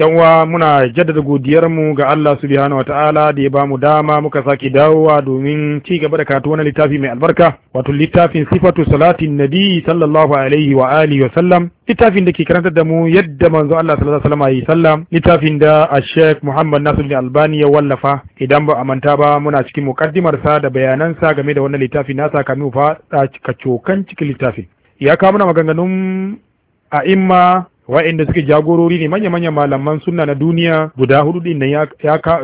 yanwa muna jaddada godiyarmu ga Allah subhanahu wa ta'ala da ya bamu dama muka sake dawowa domin ci gaba da karatu wani littafi mai albarka wato littafin sifatu salatin nabi sallallahu alaihi wa alihi wa sallam littafin da ke karanta da mu yadda manzo Allah sallallahu alaihi wa sallam littafin da Sheikh Muhammad Nasiruddin Albani ya wallafa idan ba a manta ba muna cikin mukaddimar sa da bayanan sa game da wannan littafin nasa kamin fa ka cokan cikin littafin ya kawo a maganganun a'imma wa'inda suke jagorori ne manya-manyan malaman sunna na duniya guda hudu din nan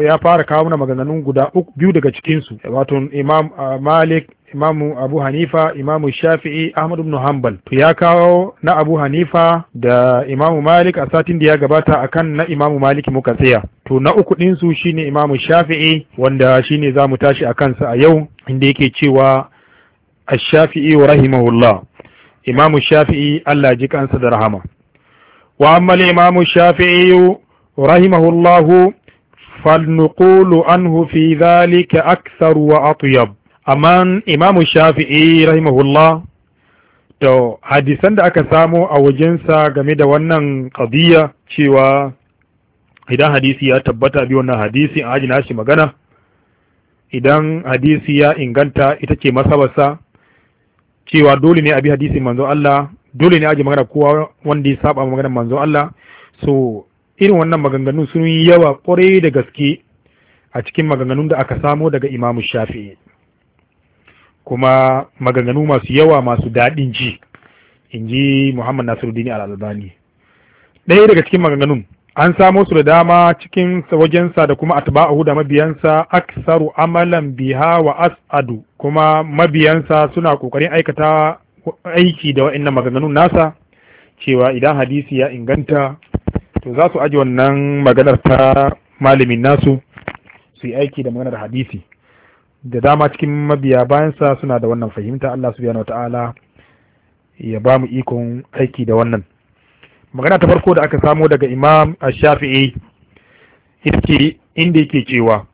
ya fara kawo mana maganganun guda uku biyu daga cikinsu wato imam ah, malik imamu abu hanifa imamu shafi'i Ahmadu ibn hanbal to ya kawo na abu hanifa da imamu malik a satin da ya gabata akan na imamu malik muka tsaya to na uku ɗinsu shine imamu shafi'i wanda shine za mu tashi a kansa a yau inda yake cewa الشافعي rahimahullah imamu Shafi'i. allah ji kansa da rahama وأما الإمام الشافعي رحمه الله فالنقول عنه في ذلك أكثر وأطيب أما إمام الشافعي رحمه الله to hadisan da aka samu a wajensa game da wannan qadiya cewa idan hadisi ya tabbata bi wannan hadisi a ajina shi magana idan hadisi ya inganta ita ce masabarsa cewa dole ne a bi hadisi manzo Allah dole ne aji magana kowa wanda ya saba maganar manzo Allah so irin wannan maganganu sun yi yawa kwarai da gaske a cikin maganganun da aka samo daga imamu shafi'i kuma maganganu masu yawa masu daɗin ji in ji muhammad nasiruddin al-albani ɗaya daga cikin maganganun an samo su da dama cikin wajensa da kuma atba'ahu da mabiyansa aksaru amalan biha wa as'adu kuma mabiyansa suna kokarin aikata aiki da wa'annan maganganun nasa cewa idan hadisi ya inganta to za su aji wannan maganar ta malamin nasu su yi aiki da maganar hadisi da dama cikin mabiya bayansa suna da wannan fahimta Allah biya ta'ala, ya ba mu ikon aiki da wannan magana ta farko da aka samo daga imam a shafii ita ce inda yake cewa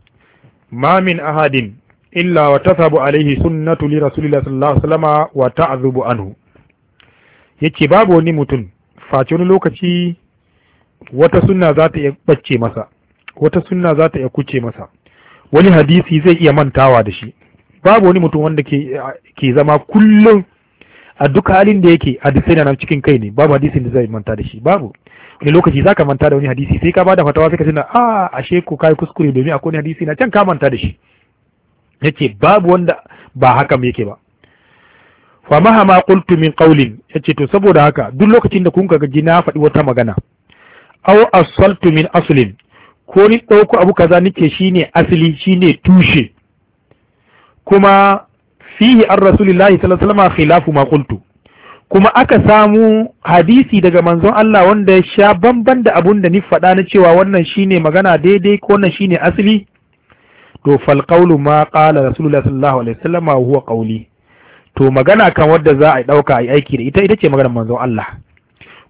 mamin ahadin illa wa tasabu alaihi sunnatu li rasulillahi sallallahu alaihi wasallama wa ta'zubu anhu yace babu wani mutum face wani lokaci wata sunna za ta iya bacce masa wata sunna za ta iya kuce masa wani hadisi zai iya mantawa da shi babu wani mutum wanda ke, ke zama kullum a duk halin da yake hadisi na cikin kai ne babu hadisi da zai manta da shi babu wani lokaci za ka manta da wani hadisi sai ka bada fatawa sai ka tuna a ah, ashe ko kai kuskure domin akwai hadisi na can ka manta da shi yace babu wanda ba haka yake ba fa mahama qultu min qawlin yace to saboda haka duk lokacin da kun ga ji na faɗi wata magana aw asaltu min aslin ko ni dauko abu kaza nake shine asali shine tushe kuma fihi ar rasulillahi sallallahu alaihi wasallam khilafu ma qultu kuma aka samu hadisi daga manzon Allah wanda ya sha bamban da abun da ni faɗa na cewa wannan shine magana daidai ko wannan shine asali to fal qawlu ma qala rasulullahi sallallahu alaihi wasallam huwa qawli to magana kan wadda za a dauka a aiki da ita ita ce magana manzon Allah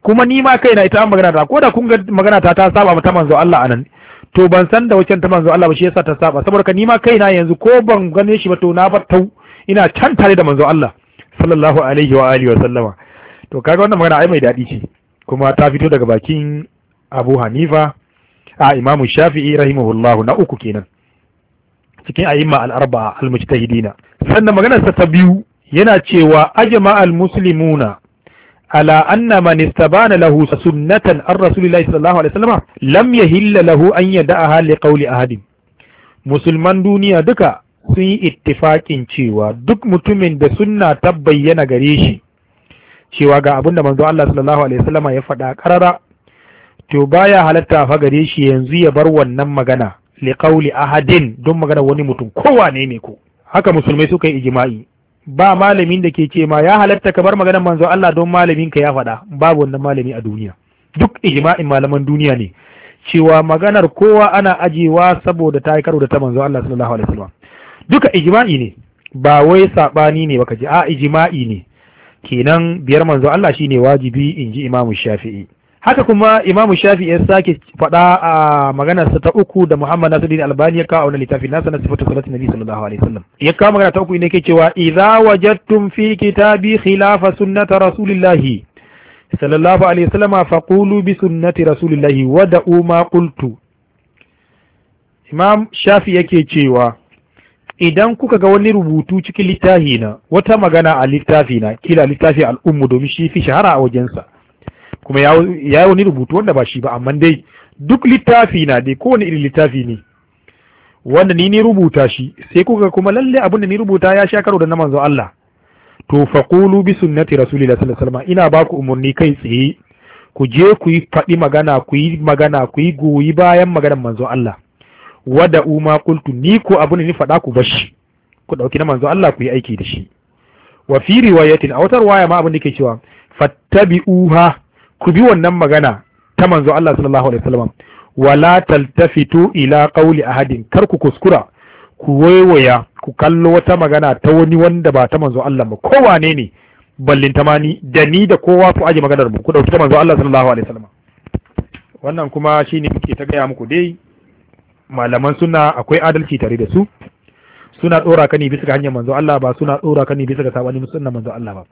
kuma ni ma kaina ita an magana ta ko da kun ga magana ta ta saba ta manzon Allah anan to ban san da wacce ta manzon Allah ba shi yasa ta saba saboda ka ni ma kaina yanzu ko ban gane shi ba to na fatau ina can tare da manzon Allah sallallahu alaihi wa alihi wa to kaga wannan magana ai mai dadi ce kuma ta fito daga bakin Abu Hanifa a Imam Shafi'i rahimahullahu na uku kenan cikin a'imma al al-mujtahidina sannan maganarsa ta biyu yana cewa ajma al musulmuna ala anna man istabana lahu sunnatan ar rasulillahi sallallahu alaihi wasallam lam yahilla lahu an yada'aha li ahadin musulman duniya duka sun yi ittifakin cewa duk mutumin da sunna ta bayyana gare shi cewa ga abin da manzo Allah sallallahu alaihi wasallam ya faɗa karara to baya halatta fa gare shi yanzu ya bar wannan magana li qawli ahadin don magana wani mutum kowane ne ne ko haka musulmai suka yi ijma'i ba malamin da ke ce ma ya halatta ka bar maganar manzo Allah don malamin ka ya faɗa babu wannan malami a duniya duk ijma'in malaman duniya ne cewa maganar kowa ana ajiyewa saboda ta yi karo da ta manzo Allah sallallahu alaihi wasallam duka ijma'i ne ba wai sabani ne baka ji a ijma'i ne kenan biyar manzo Allah shine wajibi in ji Imamu Shafi'i haka kuma imam shafi ya sake faɗa a maganarsa ta uku da muhammad nasiruddin albani ya kawo wannan littafin nasa na sifatu salatu nabi sallallahu alaihi wasallam ya kawo magana ta uku ne ke cewa idza wajadtum fi kitabi khilafa sunnata rasulillahi sallallahu alaihi wasallam faqulu bi sunnati rasulillahi wa da'u ma qultu imam shafi yake cewa idan kuka ga wani rubutu cikin littafi na wata magana a littafi na kila littafi al'ummu domin shi fi shahara a wajensa kuma ya yi wani rubutu wanda ba shi ba amma dai duk littafi na dai kowane irin littafi ne wanda ni ni rubuta shi sai kuka kuma lalle abin da ni rubuta ya sha karo da na manzo Allah to faqulu bi sunnati rasulillahi sallallahu alaihi wasallam ina baku umurni kai tsaye ku je ku yi faɗi magana ku yi magana ku yi goyi bayan maganar manzo Allah wada uma qultu ni ko abin da ni faɗa ku bashi ku dauki na manzo Allah ku yi aiki da shi wa fi riwayatin a wata riwaya ma abin da ke cewa fattabi'uha ku bi wannan magana ta manzo Allah sallallahu alaihi wasallam wala taltafitu ila qawli ahadin kar ku kuskura ku waiwaya ku kallo wata magana ta wani wanda ba ta manzo Allah ba ko wane ne ballin tamani da ni da kowa ku aje maganar mu ku dauki ta manzo Allah sallallahu alaihi wasallam wannan kuma shine muke ta gaya muku dai malaman suna akwai adalci tare da su suna dora ka ne bisa ga hanyar manzo Allah ba suna dora ka ne bisa ga sabani sunna manzo Allah ba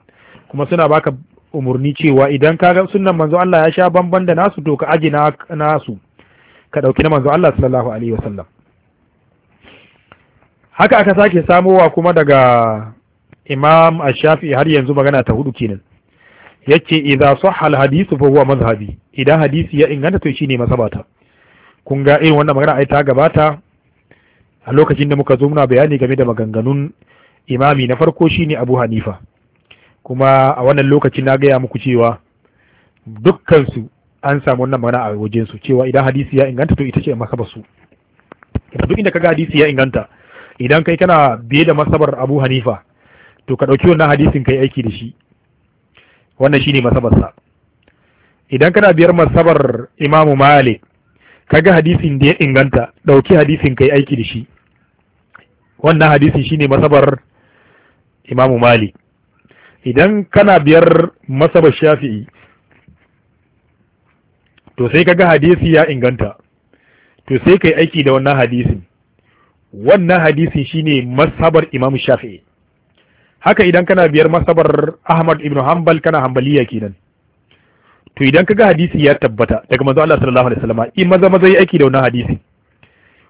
kuma suna baka umarni cewa idan ka ga sunnan manzo Allah ya sha bamban da nasu to ka aji na nasu ka dauki na manzo Allah sallallahu alaihi wasallam haka aka sake samowa kuma daga Imam Ash-Shafi'i har yanzu magana ta hudu kenan yace idza sahha al-hadith fa huwa madhhabi idan hadisi ya inganta to shine masabata kun ga irin wannan magana ai ta gabata a lokacin da muka zo muna bayani game da maganganun imami na farko shine Abu Hanifa kuma a wannan lokaci na gaya muku cewa dukkansu an samu wannan magana a wajensu cewa idan hadisi ya inganta to ita ce masabar su duk inda kaga hadisi ya inganta idan kai kana biye da masabar Abu Hanifa to ka dauki wannan hadisin kai aiki da shi wannan shine masabar sa idan kana biyar masabar Imam Malik kaga hadisin da ya inganta dauki hadisin kai aiki da shi wannan hadisin shine masabar Imam Malik idan kana biyar masaba shafi'i to sai kaga hadisi ya inganta to sai kai aiki da wannan hadisin wannan hadisin shine masabar imam shafi'i haka idan kana biyar masabar ahmad ibn hanbal kana hanbaliya kenan to idan kaga hadisi ya tabbata daga manzo Allah sallallahu alaihi wasallam in maza maza yi aiki da wannan hadisi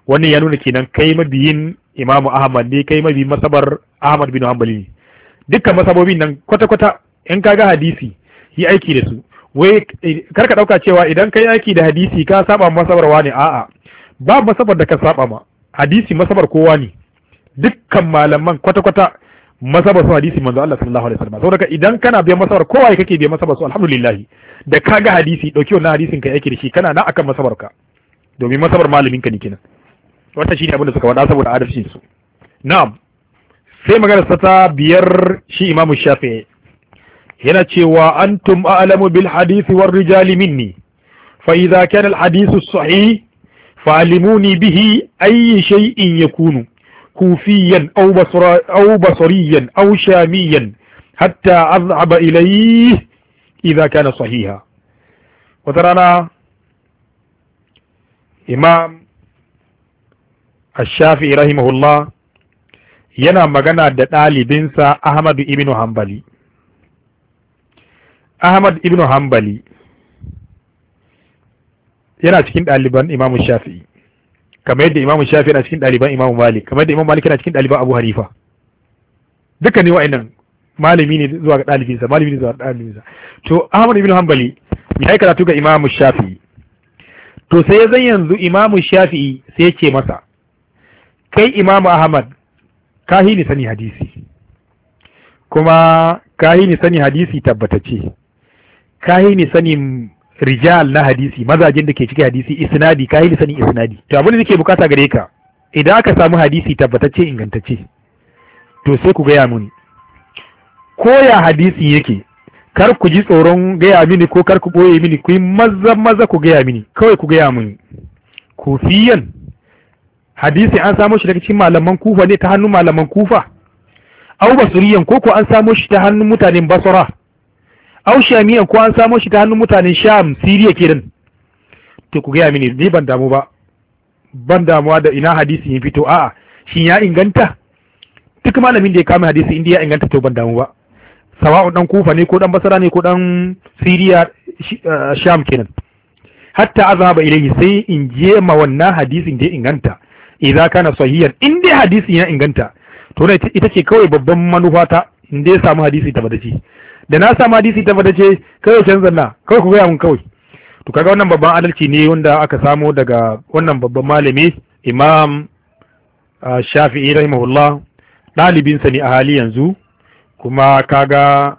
wannan ya nuna kenan kai mabiyin imamu ahmad ne kai mabiyin masabar ahmad ibn hanbali ne dukkan masabobin nan kwata-kwata in ka ga hadisi yi aiki da su wai kar ka ɗauka cewa idan ka yi aiki da hadisi ka saba masabarwa ne a'a ba masabar da ka saba ma hadisi masabar kowa ne dukkan malaman kwata-kwata masabar su hadisi manzo Allah sallallahu alaihi wasallam saboda idan kana biyan masabar kowa kake biyan masabar su alhamdulillah da ka ga hadisi dauki wannan hadisin ka aiki da shi kana na akan masabar ka domin masabar malamin ka ne kenan wannan shine abin da suka wada saboda adalcin su na'am sai magana ta biyar shi imamu shafi yana cewa antum a'lamu bil hadith war rijal minni fa idza kana al hadisu sahih fa alimuni bihi ayyi shay'in yakunu kufiyan aw basra aw basriyan aw shamiyan hatta adhab ilayhi إذا kana sahiha wadarana imam الشافعي رحمه الله yana magana da ɗalibinsa Ahmadu ibn Hanbali Ahmad ibn Hanbali yana cikin ɗaliban Imam Shafi'i kamar yadda Imam Shafi'i yana cikin ɗaliban Imam Malik kamar yadda Imam Malik yana cikin ɗaliban Abu Hanifa duka ne wa'annan malami ne zuwa ga ɗalibinsa malami ne zuwa ga ɗalibinsa to Ahmad ibn Hanbali ya yi karatu ga Imam Shafi'i to sai ya zan yanzu Imam Shafi'i sai ya ce masa kai Imam Ahmad kahi ni sani hadisi kuma kahi ni sani hadisi tabbatacce kahi ni sani rijal na hadisi mazajen da ke cikin hadisi isnadi kahi ni sani isnadi to abin da nake bukata gare ka idan aka samu hadisi tabbatacce ingantacce to sai ku gaya muni ko ya hadisi yake kar ku ji tsoron gaya mini ko kar ku ɓoye mini ku yi maza maza ku gaya mini kawai ku gaya mini kofiyan hadisi an samo shi daga cikin malaman kufa ne ta hannun malaman kufa au basuriyan ko ko an samo shi ta hannun mutanen basura au shamiyan ko an samo shi ta hannun mutanen sham siriya kenan to ku gaya mini ni ban damu ba ban damuwa da ina hadisi ya fito a'a shin ya inganta duk malamin da ya kama hadisi inda ya inganta to ban damu ba sawa'u dan kufa ne ko dan basura ne ko dan siriya eh, sham kenan hatta azaba ilayhi sai in je ma wannan hadisin da ya inganta idza kana sahihan in dai hadisi ya inganta to ne ita ce kawai babban manufa ta in dai samu hadisi ta da na samu hadisi ta kai kawai canza na kawai ku gaya mun kawai to kaga wannan babban adalci ne wanda aka samo daga wannan babban malami imam shafi'i rahimahullah sa ne a hali yanzu kuma kaga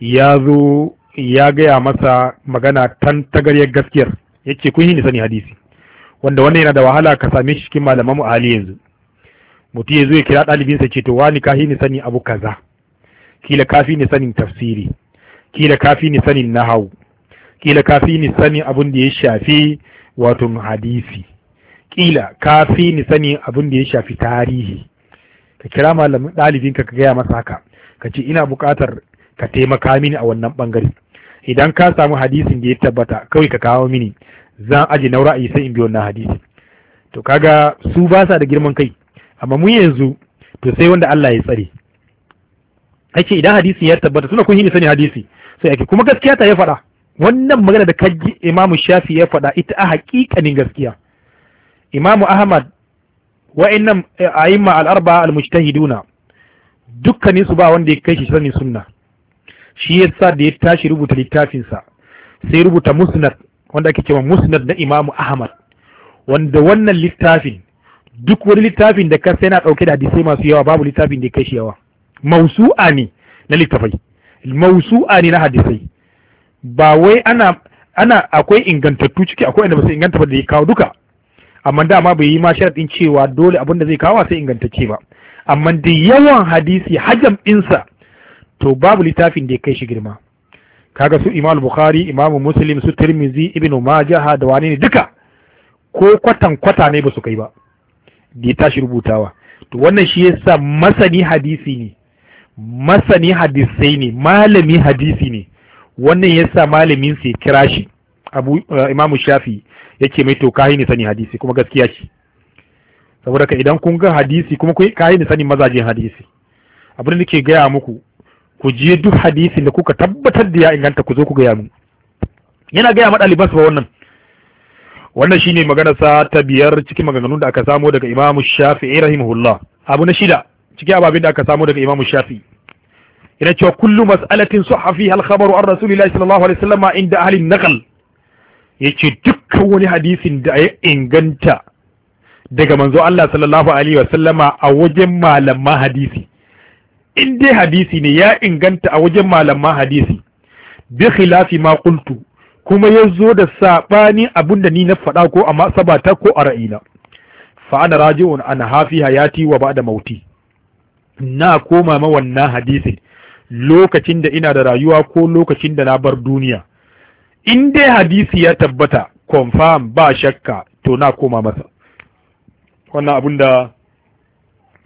ya zo ya gaya masa magana tan tagaryar gaskiyar yace kun yi ni sani hadisi wanda wannan yana da wahala ka same shi cikin malaman mu hali yanzu mutum ya zo ya kira ɗalibinsa ce to wani kafi ne sanin abu kaza kila kafi ne sanin tafsiri kila kafi ne sanin nahawu kila kafi ne sanin abun da ya shafi wato hadisi kila kafi ne sanin abun da ya shafi tarihi ka kira malamin ɗalibinka ka gaya masa haka ka ce ina buƙatar ka taimaka mini a wannan ɓangare idan ka samu hadisin da ya tabbata kawai ka kawo mini zan aje na ra'ayi sai in biyo na hadisi to kaga su ba sa da girman kai amma mu yanzu to sai wanda Allah ya tsare ake idan hadisi ya tabbata suna kun yi sani hadisi sai ake kuma gaskiya ta ya faɗa wannan magana da kaji imamu shafi ya faɗa ita a haƙiƙanin gaskiya imamu ahmad wa'annan eh, a'imma al'arba arba al-mujtahiduna dukkanin su ba wanda ya kai shi sani sunna shi yasa da ya tashi rubuta littafinsa sai rubuta musnad wanda ake cewa musnad na imamu ahmad wanda wannan littafin duk wani littafin da kasa yana ɗauke da hadisai masu yawa babu littafin da ya kashi yawa mausu'a ne na littafai mausu'a ne na hadisai ba wai ana ana akwai ingantattu ciki akwai inda ba su inganta ba da ya kawo duka amma da ma bai yi ma sharadin cewa dole abin da zai kawo sai ingantacce ba amma da yawan hadisi hajam ɗinsa to babu littafin da ya kai shi girma kaga su imam bukhari imam muslim su tirmizi ibn majah da wani ne duka ko kwatan kwata ne ba su kai ba da ya tashi rubutawa to wannan shi yasa masani hadisi ne masani hadisai ne malami hadisi ne wannan yasa malamin sai kira shi abu eh, imam shafi yake mai to kai ne sani hadisi kuma gaskiya ce saboda ka idan kun ga hadisi kuma kai ne sani mazajin hadisi abin da nake gaya muku ku je duk hadisin da kuka tabbatar da ya inganta ku zo ku gaya min yana gaya ma ɗaliban ba wannan wannan shine magana sa ta biyar cikin maganganun da aka samo daga Imam Shafi'i rahimahullah abu na shida cikin ababin da aka samo daga Imam Shafi'i yana cewa kullu mas'alatin suhafi fiha al-khabaru an rasulillahi sallallahu alaihi wasallam inda ahli an-naql yace dukkan wani hadisin da ya inganta daga manzo Allah sallallahu alaihi wasallama a wajen malaman hadisi in dai hadisi ne ya inganta a wajen malaman hadisi bi khilafi ma qultu kuma ya zo da saɓanin abin ni na faɗa ko a ta ko a ra'ina fa ana raji'un ana hafi hayati wa bada mauti na koma ma wannan hadisi lokacin da ina da rayuwa ko lokacin da na bar duniya in dai hadisi ya tabbata confirm ba shakka to na koma masa wannan abin da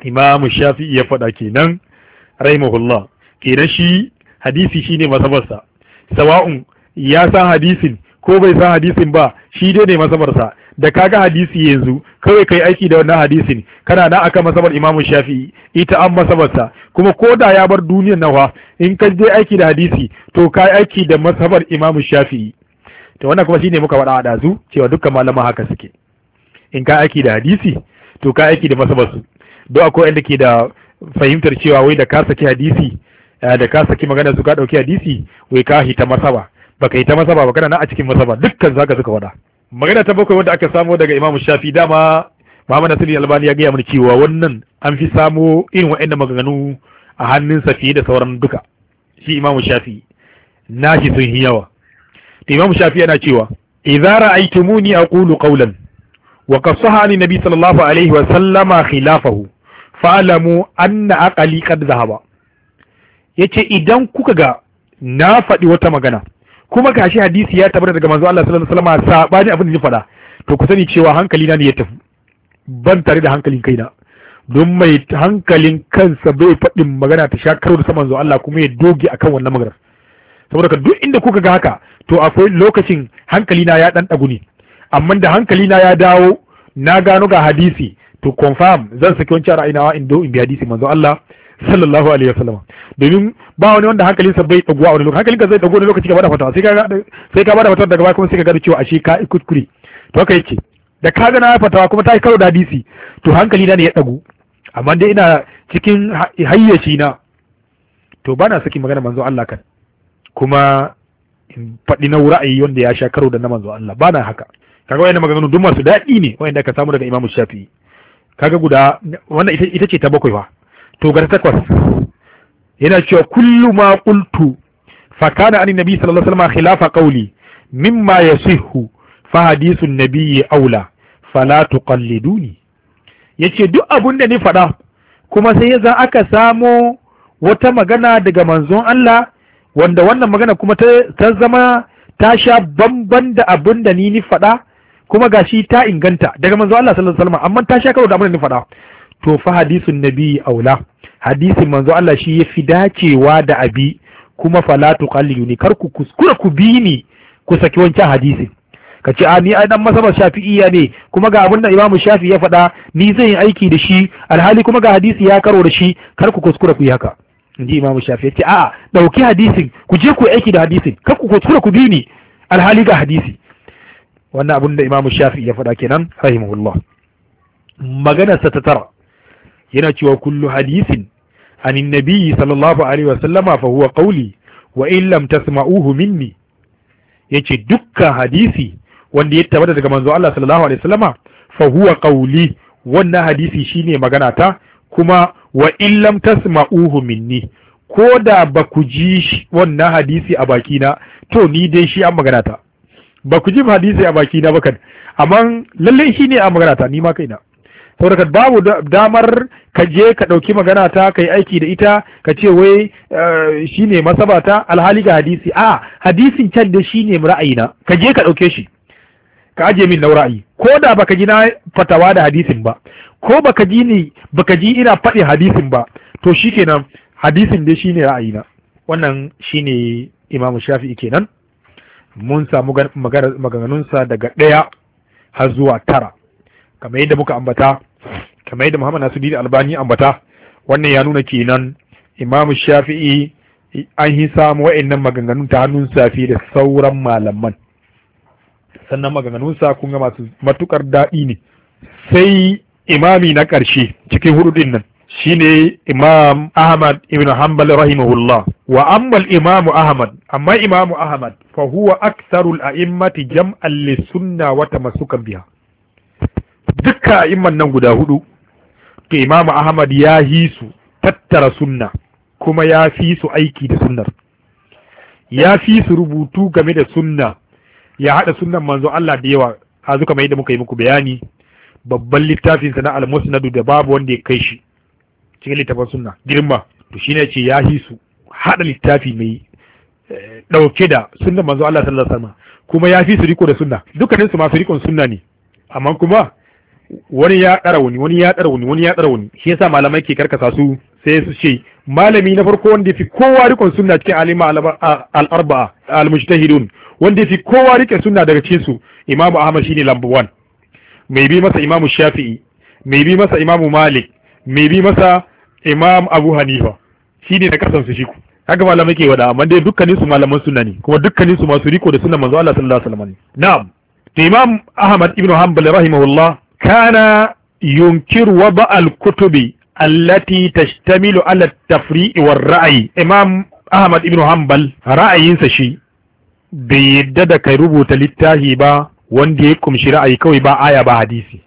imamu shafi'i ya faɗa kenan rahimahullah kenan shi hadisi shine masabarsa sawa'un ya san hadisin ko bai san hadisin ba shi dai ne masabarsa da kaga hadisi yanzu kawai kai aiki da wannan hadisin kana na aka masabar Imam Shafi'i ita an masabarsa kuma ko da ya bar duniyar nawa in ka je aiki da hadisi to yi aiki da masabar Imam Shafi'i to wannan kuma shine muka faɗa a dazu cewa dukkan malama haka suke in ka aiki da hadisi to ka aiki da masabarsu don akwai wanda ke da fahimtar cewa wai da ka saki hadisi eh, da ka saki magana su ka dauki hadisi wai ka hita masaba baka hita masaba ba kana nan a cikin masaba dukkan zaka suka wada magana ta bakwai wanda aka samo daga Imam Shafi dama Muhammad Nasir Albani ya gaya mana cewa wannan an fi samo irin waɗannan maganganu a hannunsa fiye da sauran duka shi Imam Shafi nashi sun yi yawa to Imam Shafi yana cewa idza ra'aytumuni aqulu qawlan wa qad saha an nabi sallallahu alaihi wa sallama khilafahu fa'alamu anna aqali qad zahaba ce idan kuka ga na faɗi wata magana kuma kashi hadisi ya tabbata daga manzo Allah sallallahu alaihi wasallam sabani abin da ya faɗa to ku sani cewa hankali na ne ya tafi ban tare da hankalin kaina don mai hankalin kansa bai faɗin magana ta sha karo da saman zuwa Allah kuma ya doge akan wannan maganar saboda ka duk inda kuka ga haka to akwai lokacin hankali na ya ɗan ɗagu ne amma da hankali na ya dawo na gano ga hadisi to confirm zan saki wancan ra'ayinawa in do in bi hadisi manzo Allah sallallahu alaihi wasallam domin ba wani wanda sa bai dago a wani lokaci ka zai dago wani lokaci ka bada fatawa sai ka sai ka bada fatawa daga baya kuma sai ka gado cewa ashe ka kuskure to haka yake da ka gana fatawa kuma ta yi karo da hadisi to hankali na ne ya dago amma dai ina cikin hayyaci na to bana saki magana manzo Allah kan kuma in faɗi na ra'ayi wanda ya sha karo da na manzo Allah bana haka kaga wayannan maganganu duk masu daɗi ne wayanda aka samu daga Imam Shafi'i kaga guda wannan ita, ita ce ta bakwai ba to ga takwas yana cewa kullu ma qultu fa kana an nabi sallallahu alaihi wasallam khilafa qawli mimma yasihu fa hadithu nabiyyi aula fala tuqalliduni yace duk abun da ni faɗa kuma sai yaza aka samo wata magana daga manzon Allah wanda wannan magana kuma ta, zama ta sha bamban da abun da ni ni faɗa kuma ga shi ta inganta daga manzo Allah sallallahu alaihi wasallam amma ta sha karo da abin da faɗa to fa hadisin nabi aula hadisin manzo Allah shi ya fi dacewa da abi kuma fala tuqalliyuni kar ku kuskura ku bi ni ku saki wancan hadisin ka ce a ni ai dan masabar shafi'iyya ne kuma ga abin da imamu shafi ya faɗa ni zan yi aiki da shi alhali kuma ga hadisi ya karo da shi kar ku kuskura ku yi haka inji imamu shafi ya ce a'a dauki hadisin ku je ku aiki da hadisin kar ku kuskura ku bi ni alhali ga hadisi wannan abin da imamu shafi ya faɗa kenan rahimahullah maganarsa ta tara yana cewa kullu hadisin anin nabiyyi sallallahu alaihi wa sallama fa huwa qawli wa in lam tasma'uhu minni yace dukkan hadisi wanda ya tabbata daga manzo Allah sallallahu alaihi wasallama fa huwa qawli wannan hadisi shine magana ta kuma wa in lam tasma'uhu minni ko da ba ku ji wannan hadisi a bakina to ni dai shi an magana ta ba ku ji hadisi a baki na bakan amma lalle shi ne a magana ta ni ma kaina saboda babu damar ka je ka ɗauki magana ta ka aiki da ita ka ce wai eh, shi ne masabata alhali ga hadisi a hadisin can da shi ne ra'ayina ka je ka ɗauke shi ka aje min na ra'ayi ko da baka ji na fatawa da hadisin ba ko baka ji ni baka ji ina faɗi hadisin ba to shikenan hadisin dai shine na. wannan shine imamu shafi'i kenan mun samu maganganunsa daga ɗaya har zuwa tara kamar yadda muka ambata kamar yadda muhammad nasiruddin albani ambata wannan ya nuna kenan imam shafi'i an yi samu wa'annan maganganun ta hannun safi da sauran malaman sannan maganganunsa kun ga masu matukar daɗi ne sai imami na ƙarshe cikin hudu nan shine imam ahmad ibn hanbal rahimahullah wa ammal imam ahmad amma imam ahmad fa huwa aktharul a'immati jam'an li sunna wa tamassukan biha dukkan a'imman nan guda hudu to imam ahmad ya hi su tattara sunna kuma ya fi su aiki da sunnar ya fi su rubutu game da sunna ya haɗa sunnan manzo Allah da yawa a zuka mai da muka yi muku bayani babban littafinsa na al-musnad da babu wanda ya kai shi cikin littafin sunna girma to shine ce ya hi su hada littafi mai dauke eh, da sunnan manzo Allah sallallahu alaihi wasallam kuma ya fi su riko da sunna dukkanin su masu rikon sunna ne amma kuma wani ya dara wani wani ya dara wani wani ya dara wani shi yasa malamai ke karkasa su sai su ce malami na farko wanda fi kowa rikon sunna cikin alima al-arba'a al-mujtahidun wanda fi kowa rike sunna daga cikin su imamu ahmad shine number 1 mai bi masa imamu shafi'i mai bi masa imamu malik mai bi masa imam abu hanifa shi ne na ƙasan su shiku haka malamai ke wada amma dai dukkanin su malaman sunna ne kuma dukkanin su masu riko da sunan manzo Allah sallallahu alaihi wasallam na'am to imam ahmad ibn hanbal rahimahullah kana yunkir wa ba'al kutubi allati tashtamilu ala at-tafri'i war ra'yi imam ahmad ibn hanbal ra'ayinsa shi bai yadda da kai rubuta littafi ba wanda ya kumshi ra'ayi kawai ba aya ba hadisi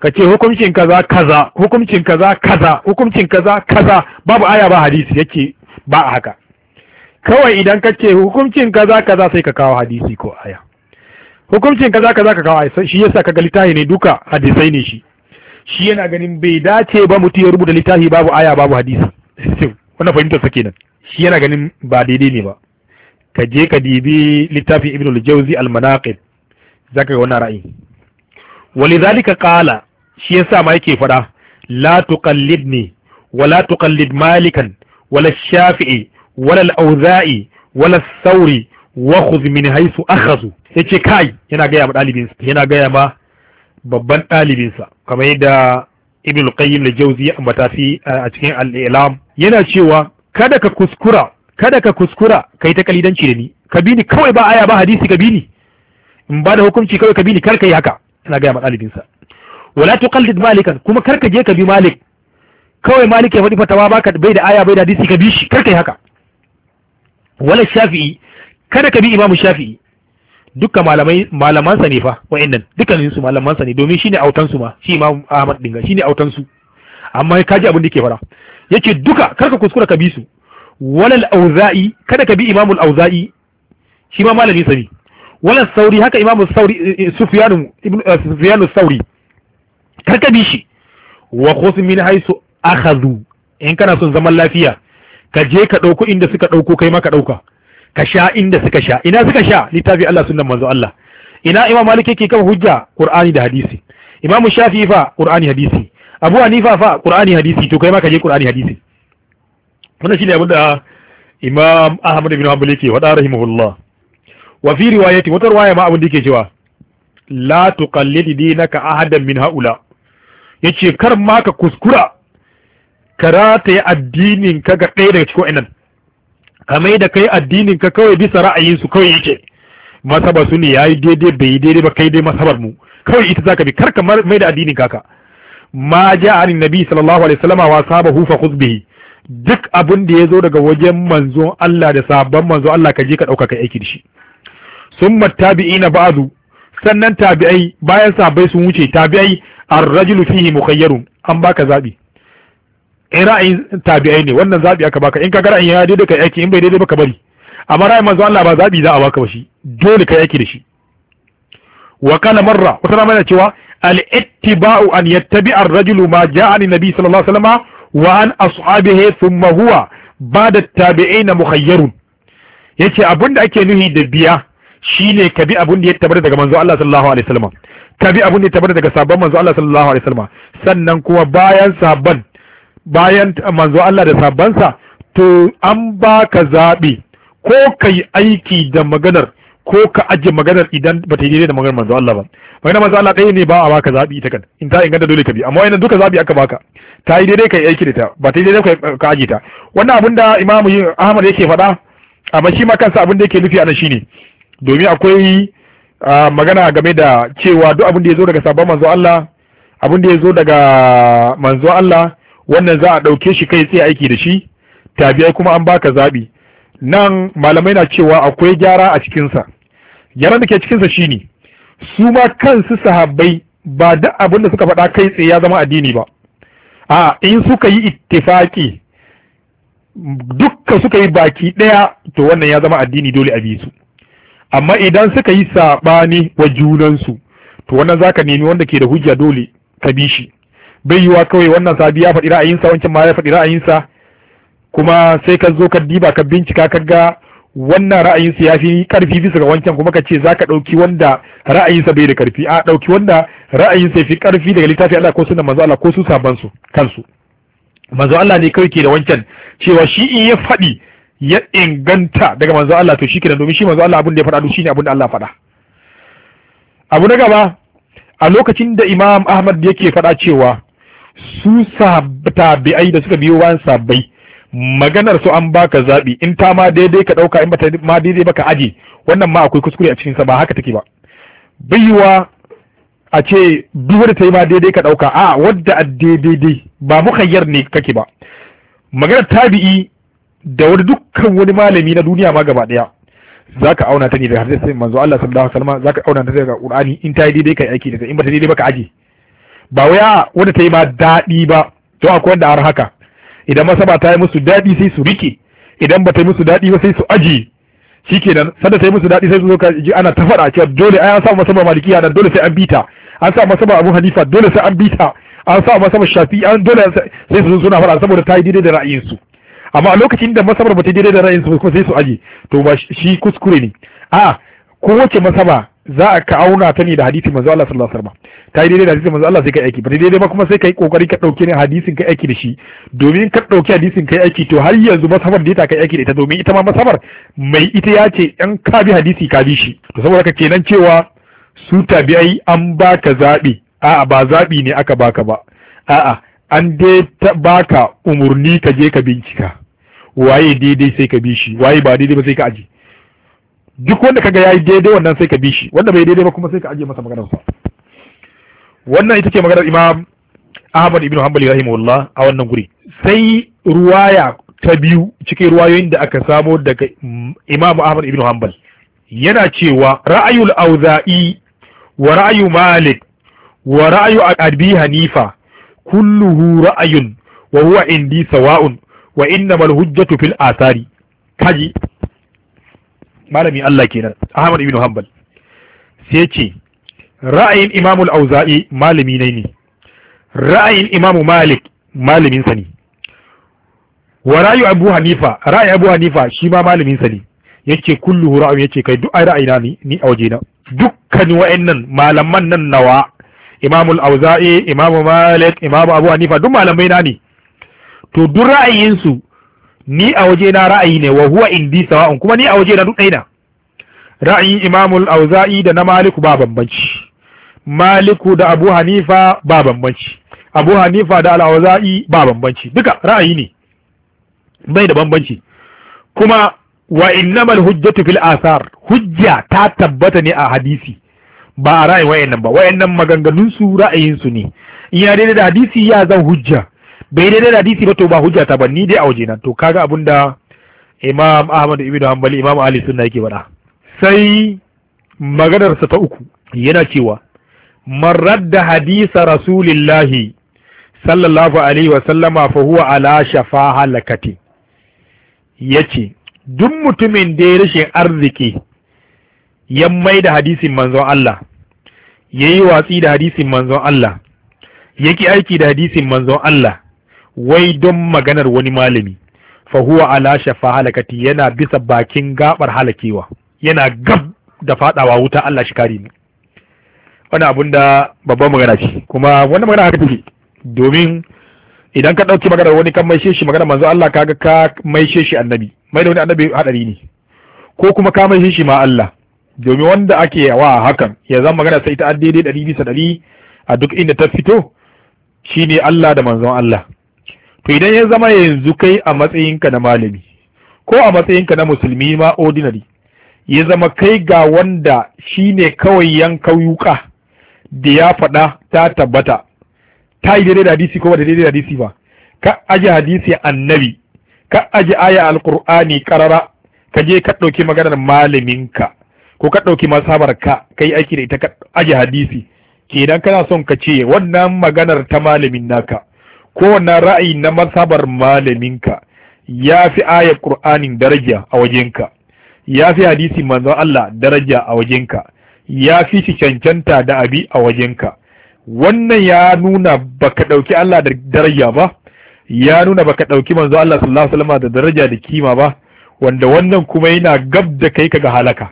ka ce hukuncin kaza kaza hukuncin kaza kaza hukuncin kaza kaza babu aya ba hadisi yake ba a haka kawai idan ka ce hukuncin kaza kaza sai ka kawo hadisi ko aya hukuncin kaza kaza ka kawo aya shi yasa kaga littafi ne duka hadisai ne shi shi yana ganin bai dace ba mutum ya rubuta littafi babu aya babu hadisi wannan fahimtar sa kenan shi yana ganin ba daidai ne ba ka je ka dibi littafin ibn al-jawzi al-manaqib zaka ga wannan ra'ayi ولذلك قال shi yasa ma yake fada la tuqallidni wala tuqallid malikan wala shafi'i wala al-auza'i wala sauri wa khudh min haythu akhadhu yace kai yana gaya ma dalibinsa yana gaya ma babban dalibinsa kamar yadda ibn qayyim da jauzi ya ambata fi eh, a cikin al-ilam yana cewa kada ka kuskura kada ka kuskura kai ta kalidanci da ni ka bi ni kawai ba aya ba hadisi ka bi ni in ba da hukunci kawai ka bi ni kar ka yi haka yana gaya ma dalibinsa wala tuqallid malikan kuma karka je ka bi malik kawai malik ya faɗi fatawa baka bai da aya bai da hadisi ka bi shi karka yi haka wala shafi'i kada ka bi imamu shafi'i dukkan malamai sa ne fa wa'annan dukkanin su sa ne domin shine autan su ma shi imamu ahmad dinga shine autan su amma ka ji abin da yake fara yace duka karka kuskura ka bi su walal auza'i kada ka bi imamu al-auza'i shi ma malami sani walal sauri haka imamu sauri eh, eh, sufyanu ibnu eh, sufyanu sauri Karka bi shi wa khusu min haisu akhadhu in kana son zaman lafiya ka je ka dauko inda suka dauko kai ma ka dauka ka sha inda suka sha ina suka sha littafi Allah sunnan manzo Allah ina imam malik ke kan hujja qur'ani da hadisi imam shafi fa qur'ani hadisi abu hanifa fa qur'ani hadisi to kai ma ka je qur'ani hadisi wannan shine abinda da imam ahmad ibn hanbal ke wada rahimahullah wa fi riwayati wata riwaya ma abin da yake cewa la tuqallidi dinaka ahadan min haula Ya ce, kar ma ka kuskura ka rataye addinin ka ga ɗaya daga cikin ka mai da kai addinin ka kawai bisa ra'ayinsu su kawai yake masaba su ne yayi daidai bai yi daidai ba kai dai masabar mu kawai ita zaka bi kar ka mai da addinin kaka ma ja an nabi sallallahu alaihi wasallam wa sahabahu fa bihi duk abin da ya zo daga wajen manzon Allah da sabon manzon Allah ka je ka ɗauka kai aiki da shi sun tabi'ina na sannan tabi'ai bayan sabai sun wuce tabi'ai ar-rajulu fihi mukhayyarun an baka zabi in ra'ayin tabi'ai ne wannan zabi aka baka in ka ga ra'ayin ya daidai kai aiki in bai daidai ba ka bari amma ra'ayin manzo Allah ba zabi za a baka ba shi dole kai aiki da shi wa kana marra wata rama yana cewa al-ittiba'u an yattabi ar-rajulu ma ja'a an nabi sallallahu alaihi wasallam wa an ashabihi thumma huwa ba'da tabi'ina mukhayyarun yace abinda ake nuhi da biya shine ka bi abin da ya tabbata daga manzo Allah sallallahu alaihi wasallam bi abin da ya tabbata daga sabon manzo Allah sallallahu alaihi wasallam sannan kuma bayan sabon bayan manzo Allah da sabansa to an baka zabi ko kai aiki da maganar ko ka ajiye maganar idan ba ta yi da maganar manzo Allah ba maganar manzo Allah ɗaya ne ba a baka zabi ita kan in ta inganta dole ka bi amma wannan duka zabi aka baka ta yi daidai ka yi aiki da ta ba ta yi daidai ka aje ta wannan abin da imamu Ahmad yake faɗa amma shi ma kansa abin da yake nufi a nan shine domin akwai magana game da cewa duk abin da ya zo daga sabon manzo Allah abin da ya zo daga manzo Allah wannan za a ɗauke shi kai tsaye aiki da shi tabi'ai kuma an baka zaɓi nan malamai na cewa akwai gyara a cikinsa gyaran da ke cikinsa shi ne, su ma kansu sahabbai ba duk abin da suka faɗa kai tsaye ya zama addini ba a in suka yi ittifaki dukka suka yi baki ɗaya to wannan ya zama addini dole a bi su amma idan suka yi saɓani wa junansu to wannan zaka nemi wanda ke da hujja dole ka bi shi bai yiwa kawai wannan sabi ya faɗi ra'ayinsa wancan ma ya faɗi ra'ayinsa kuma sai ka zo ka diba ka bincika ka ga wannan ra'ayinsa ya fi karfi bisa ga wancan kuma ka ce za ka ɗauki wanda ra'ayinsa bai da karfi a ɗauki wanda ra'ayinsa ya fi karfi daga littafi Allah ko suna manzo Allah ko su sabansu kansu manzo Allah ne kawai ke da wancan cewa shi in ya faɗi ya inganta daga manzo Allah to kenan domin shi manzo Allah abin da ya faɗa duk shine abin da Allah faɗa abu na gaba a lokacin da Imam Ahmad yake faɗa cewa su tabi'ai da suka biyo bayan sabai, maganar su an baka zabi in ta ma daidai ka dauka in bata ma daidai baka aje wannan ma akwai kuskure a cikin sa ba haka take ba biyuwa a ce duk wanda ta yi ma daidai ka dauka a wadda a daidai ba mukayyar ne kake ba maganar tabi'i da wani dukkan wani malami na duniya ma gaba daya zaka auna ta ne da hadisin manzo Allah sallallahu alaihi wasallam zaka auna ta daga Qur'ani in ta yi daidai kai aiki da in ba ta daidai ba ka aje ba wai a wanda ta yi ma daɗi ba to akwai wanda har haka idan masaba ta yi musu daɗi sai su rike idan ba ta yi musu daɗi ba sai su aje shikenan sanda ta yi musu daɗi sai su zo ka ji ana ta faɗa cewa dole ai an sa masaba malikiya nan dole sai an bita an sa masaba abu hanifa dole sai an bita an sa masaba Shafi'i an dole sai su zo suna faɗa saboda ta yi daidai da ra'ayinsu amma a lokacin da masabar ba ta daidai da ra'ayin su kuma sai su aje to ba shi kuskure ne a wace masaba za a ka auna ta ne da hadisi manzo Allah sallallahu alaihi wasallam ta yi daidai da hadisi manzo Allah sai kai aiki ba daidai ba kuma sai kai kokari ka dauke ne hadisin kai aiki da shi domin ka dauki hadisin kai aiki to har yanzu masabar da ita kai aiki da ita domin ita ma masabar mai ita ya ce ɗan ka bi hadisi ka bi shi to saboda ka kenan cewa su tabi'ai an baka zabi a'a ba zabi ne aka baka ba a'a an dai baka umurni ka je ka bincika waye daidai sai ka bi shi waye ba daidai ba sai ka aji duk wanda kaga yayi daidai wannan sai ka bi shi wanda bai daidai ba kuma sai ka aje masa maganar sa wannan ita ce maganar Imam Ahmad ibn hanbal rahimahullah a wannan guri sai ruwaya ta biyu cikin ruwayoyin da aka samo daga Imam Ahmad ibn Hanbal yana cewa ra'ayul auza'i wa ra'ayu malik wa ra'ayu abi hanifa kulluhu ra'ayun wa huwa indi sawa'un wa innamal hujjatu fil asari kaji malami Allah kenan Ahmad ibn Hanbal sai ce ra'ayin Imam al-Auza'i malami ne ne ra'ayin Imam Malik malamin sa ne wa ra'ayu Abu Hanifa ra'ayi Abu Hanifa shi ma malamin sa ne yace kullu ra'ayi yace kai duk ra'ayina ne ni a wajena dukkan wa'annan malaman nan nawa Imam al-Auza'i Imam Malik Imam Abu Hanifa duk malamai na ne to duk ra'ayinsu ni a waje na ra'ayi ne wa huwa indi sawa'un kuma ni a waje na duk ɗaya ra'ayin imamul auza'i da na maliku ba bambanci maliku da abu hanifa ba bambanci abu hanifa da al'auza'i ba bambanci duka ra'ayi ne bai da bambanci kuma wa innamal hujjatu fil asar hujja ta tabbata ne a hadisi ba a ra'ayin wayannan ba wayannan maganganun su ra'ayin su ne in da hadisi ya zan hujja bai daidai da hadisi ba to ba hujja ta ba ni dai a waje nan to kaga abin da imam ahmad ibn Hanbal imam ali sunna yake faɗa sai maganar sa ta uku yana cewa man radda hadisa Rasulillah sallallahu alaihi wa sallama fa huwa ala shafa halakati yace duk mutumin da ya rashin arziki ya mai da hadisin manzon Allah yayi watsi da hadisin manzon Allah ya ki aiki da hadisin manzon Allah wai don maganar wani malami fa huwa ala shafa halakati yana bisa bakin gabar halakewa yana gab da fadawa wuta Allah shi kare ni wani abun da babban magana shi kuma wannan magana haka take domin idan ka dauki maganar wani kan maishe shi maganar manzo Allah kaga ka maishe shi annabi mai da wani annabi hadari ne ko kuma ka maishe shi ma Allah domin wanda ake wa hakan ya zama magana sai ta daidai ɗari bisa ɗari a duk inda ta fito shine Allah da manzon Allah to idan ya zama yanzu kai a matsayinka na malami ko a matsayinka na musulmi ma ordinary ya zama kai ga wanda shi ne kawai 'yan kauyuka da ya faɗa ta tabbata ta yi daidai da hadisi ko ba daidai da hadisi ba ka aji hadisi annabi ka aji aya alqur'ani karara ka je ka ɗauki maganar malaminka ko ka ɗauki masabarka ka yi aiki da ita ka aji hadisi kenan kana son ka ce wannan maganar ta malamin naka kowanne ra'ayi na masabar malaminka ya fi ayar ƙur'anin daraja a wajenka ya fi hadisi manzon Allah daraja a wajenka ya fi shi cancanta da abi a wajenka wannan ya nuna baka ɗauki Allah da daraja ba ya nuna baka ɗauki manzo Allah sallallahu alaihi da daraja da kima ba wanda wannan kuma yana gab da kai kaga halaka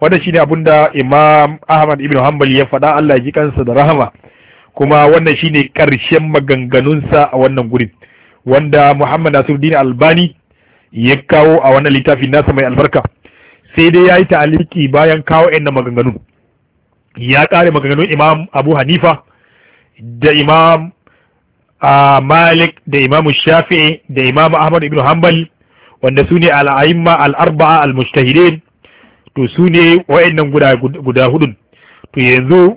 wannan shine abin da Imam Ahmad ibn Hanbal ya faɗa Allah ya ji kansa da rahama kuma wannan shine ƙarshen maganganunsa a wannan gurin wanda Muhammad Nasiruddin Albani ya kawo a wannan littafin nasa mai albarka sai dai ya yi ta'aliki bayan kawo yan maganganun ya ƙare maganganun Imam Abu Hanifa da Imam Malik da Imam Shafi'i da Imam Ahmad ibn Hanbal wanda su ne al'aimma al'arba'a al-mujtahidin to su ne nan guda hudun to yanzu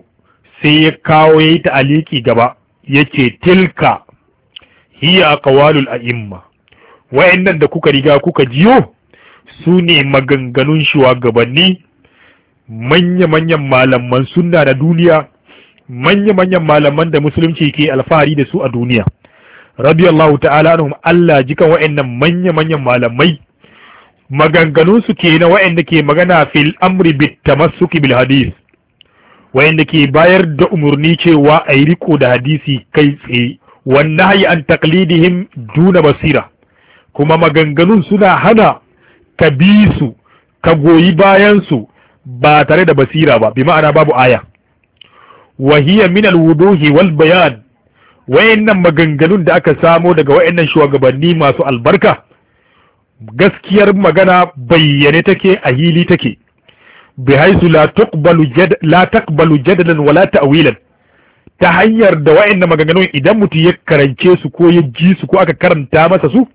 sai ya kawo ya yi ta'aliki gaba Ya ce, tilka hiya a kawalul a'imma wayannan da kuka riga kuka jiyo su ne maganganun shugabanni manya-manyan malaman suna da duniya manya-manyan malaman da musulunci ke alfahari da su a duniya radiyallahu ta'ala anhum Allah jikan wa'annan manya-manyan malamai maganganunsu ke na wayanda ke magana fil amri bit tamassuki bil hadis wayanda ke bayar da umarni cewa a yi riko da hadisi kai tsaye wannan hayi an taklidihim duna basira kuma maganganun suna hana ka bi su ka goyi bayansu ba tare da basira ba bi ma'ana babu aya wahiya min alwuduhi wal bayan wayannan maganganun da aka samo daga wayannan shugabanni masu albarka gaskiyar magana bayyane take a hili take bi haisu la takbalu jadalan wala ta'wilan ta hanyar da wa'annan maganganun idan mutum ya karance su ko ya ji su ko aka karanta masa su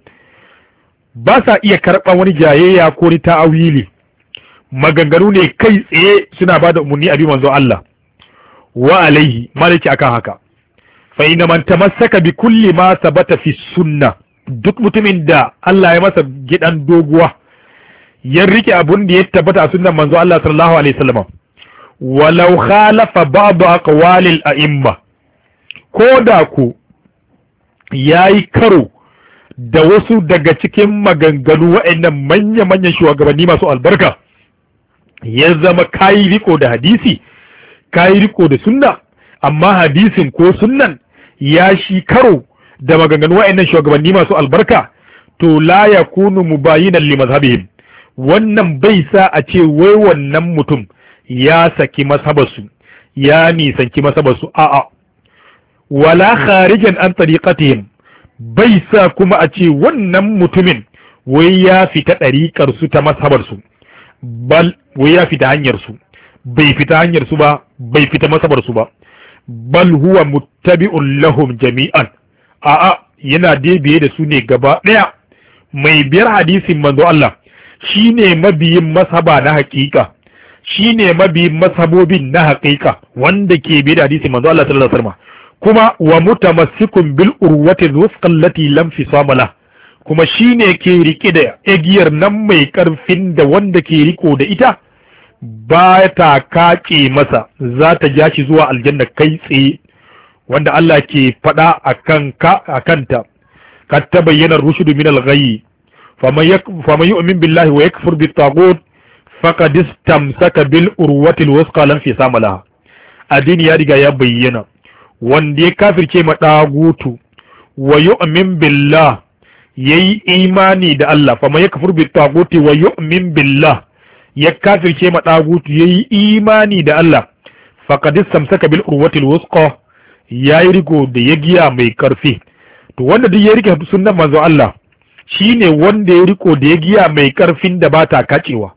ba sa iya karɓa wani jayayya ko ni ta'awili maganganu ne kai tsaye suna bada umarni a bi manzo Allah wa alaihi malaki akan haka fa inna man tamassaka bi kulli ma sabata fi sunna duk mutumin da Allah ya masa gidan doguwa Yan rike abun da ya tabbata a sunan manzo Allah sallallahu alaihi wasallam walau khalafa ba'd aqwalil a'imma koda ku yayi karo da wasu daga cikin maganganu wa'annan manya-manyan shugabanni masu albarka ya zama kayi riko da hadisi kai riko da sunna amma hadisin ko sunnan ya shi karo da maganganu wa'annan shugabanni masu albarka to la yakunu mubayinan li mazhabihim wannan bai sa a ce wai wannan mutum ya saki masabarsu ya nisanki masabarsu a'a wala kharijan an tariqatihim bai sa kuma a ce wannan mutumin wai ya fita ɗariƙarsu su ta masabarsu bal wai ya fita hanyar su bai fita hanyar su ba bai fita masabar su ba bal huwa muttabi'un lahum jami'an a'a yana dai biye da su ne gaba ɗaya mai biyar hadisin manzo Allah Shi ne mabiyin masaba na hakika ne mabiyin masabobin na hakika wanda ke bi da hadisi manzo Allah sallallahu alaihi wasallam kuma wa mutamassikun bil urwati wusqa allati lam fisama la kuma ne ke rike da egiyar nan mai karfin da wanda ke riko da ita ba ta kace masa za ta ja shi zuwa aljanna kai tsaye wanda Allah ke faɗa akan ka akanta kad tabayyana rushdu min al-ghayy faman yu'min billahi wa yakfur bit tagut faqad istamsaka bil urwatil wasqa lan fi samalaha addini ya riga ya bayyana wanda ya kafirce ma dagutu wa yu'min billah yayi imani da Allah faman yakfur bit taguti wa yu'min ya kafirce ma dagutu yayi imani da Allah faqad istamsaka bil urwatil wasqa yayi riko da yagiya mai karfi to wanda duk ya rike sunnan manzo Allah Shi ne wanda ya riko da ya giya mai karfin da ba ta kacewa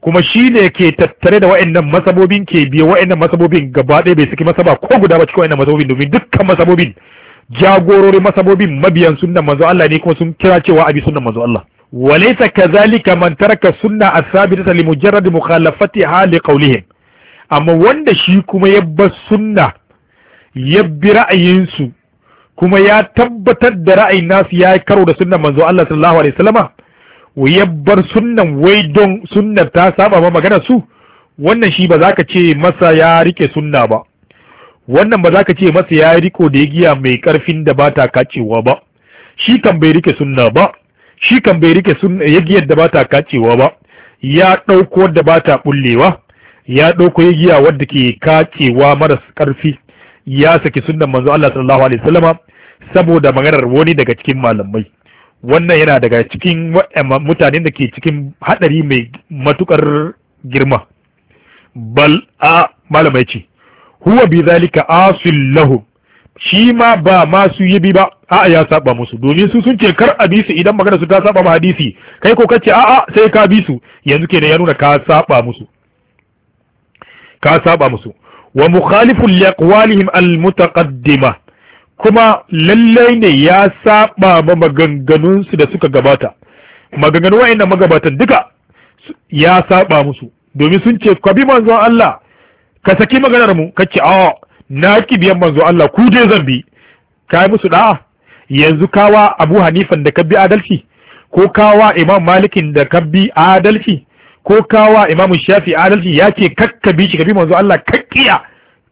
kuma shi ne ke tattare da wa'annan masabobin ke biye wa'annan masabobin gaba ɗaya bai saki masaba ko guda ba cikin wa'annan masabobin domin dukkan masabobin jagorori masabobin mabiyan sunan manzo Allah ne kuma sun kira cewa abi sunan manzo Allah ka kazalika man taraka sunna as-sabitata li mujarrad mukhalafati hali qawlihim amma wanda shi kuma ya bar sunna ya bi ra'ayinsu kuma ya tabbatar da ra'ayin nasu ya yi karo da sunan manzo Allah sallallahu alaihi wasallama ya bar sunan wai don sunnar ta saba ma magana su wannan shi ba za ka ce masa ya rike sunna ba wannan ba za ka ce masa ya riko da ya giya mai karfin da ba ta kacewa ba shi kan bai rike sunna ba shi kan bai rike sunna ya giyar da ba ta kacewa ba ya ɗauko da ba ta bullewa ya ɗauko ya giya wadda ke kacewa maras ƙarfi ya saki sunnan manzo Allah sallallahu alaihi wasallama saboda maganar wani daga cikin malamai wannan yana daga cikin mutanen da ke cikin hadari mai matukar girma bal a malamai ce huwa bi zalika asil lahu shi ma ba masu bi ba a'a ya saba musu domin su sun ce kar a bi su idan magana su ta saba ma hadisi kai ko kace a'a sai ka bi su yanzu kenan ya nuna ka saba musu ka saba musu wa mukhalifun liqwalihim almutaqaddima kuma lallai ne ya saba ma maganganun da suka gabata maganganun wa'annan magabatan duka ya saba musu domin sun ce ka bi manzon Allah ka saki maganar mu kace a na ki biyan manzon Allah ku dai zan bi kai musu da'a yanzu kawa Abu Hanifan da ka bi adalci ko kawa Imam Malikin da ka bi adalci ko kawa imamu shafi adalci ya ce kakkabi shi ka bi manzo Allah kakkiya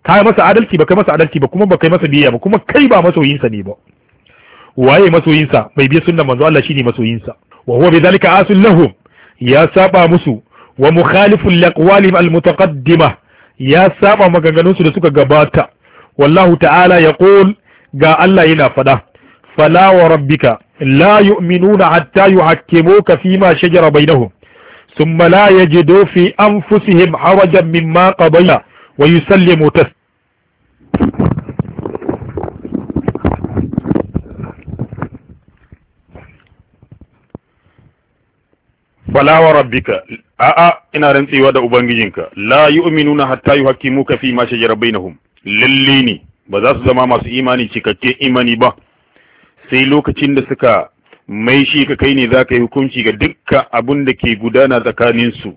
ka masa adalci ba kai masa adalci ba kuma ba kai masa biyayya ba kuma kai ba masoyinsa ne ba waye masoyinsa Mai biye sunnan manzo Allah shine masoyinsa wa huwa bidhalika asul lahum ya saba musu wa mukhalifun liqwalihim almutaqaddima ya saba maganganun su da suka gabata wallahu ta'ala yaqul ga Allah yana fada fala wa rabbika la yu'minuna hatta yuhakkimuka fima shajara bainahum ثم لا يجدوا في أنفسهم حرجا مما قضينا ويسلموا تسليما fala wa rabbika a'a ina rantsewa da ubangijinka la yu'minuna hatta yuhaqqimuka fi ma na hum. lalle ne ba za su zama masu imani cikakken imani ba sai lokacin da suka mai shi ka kai ne za ka yi hukunci ga dukka abun da ke gudana tsakaninsu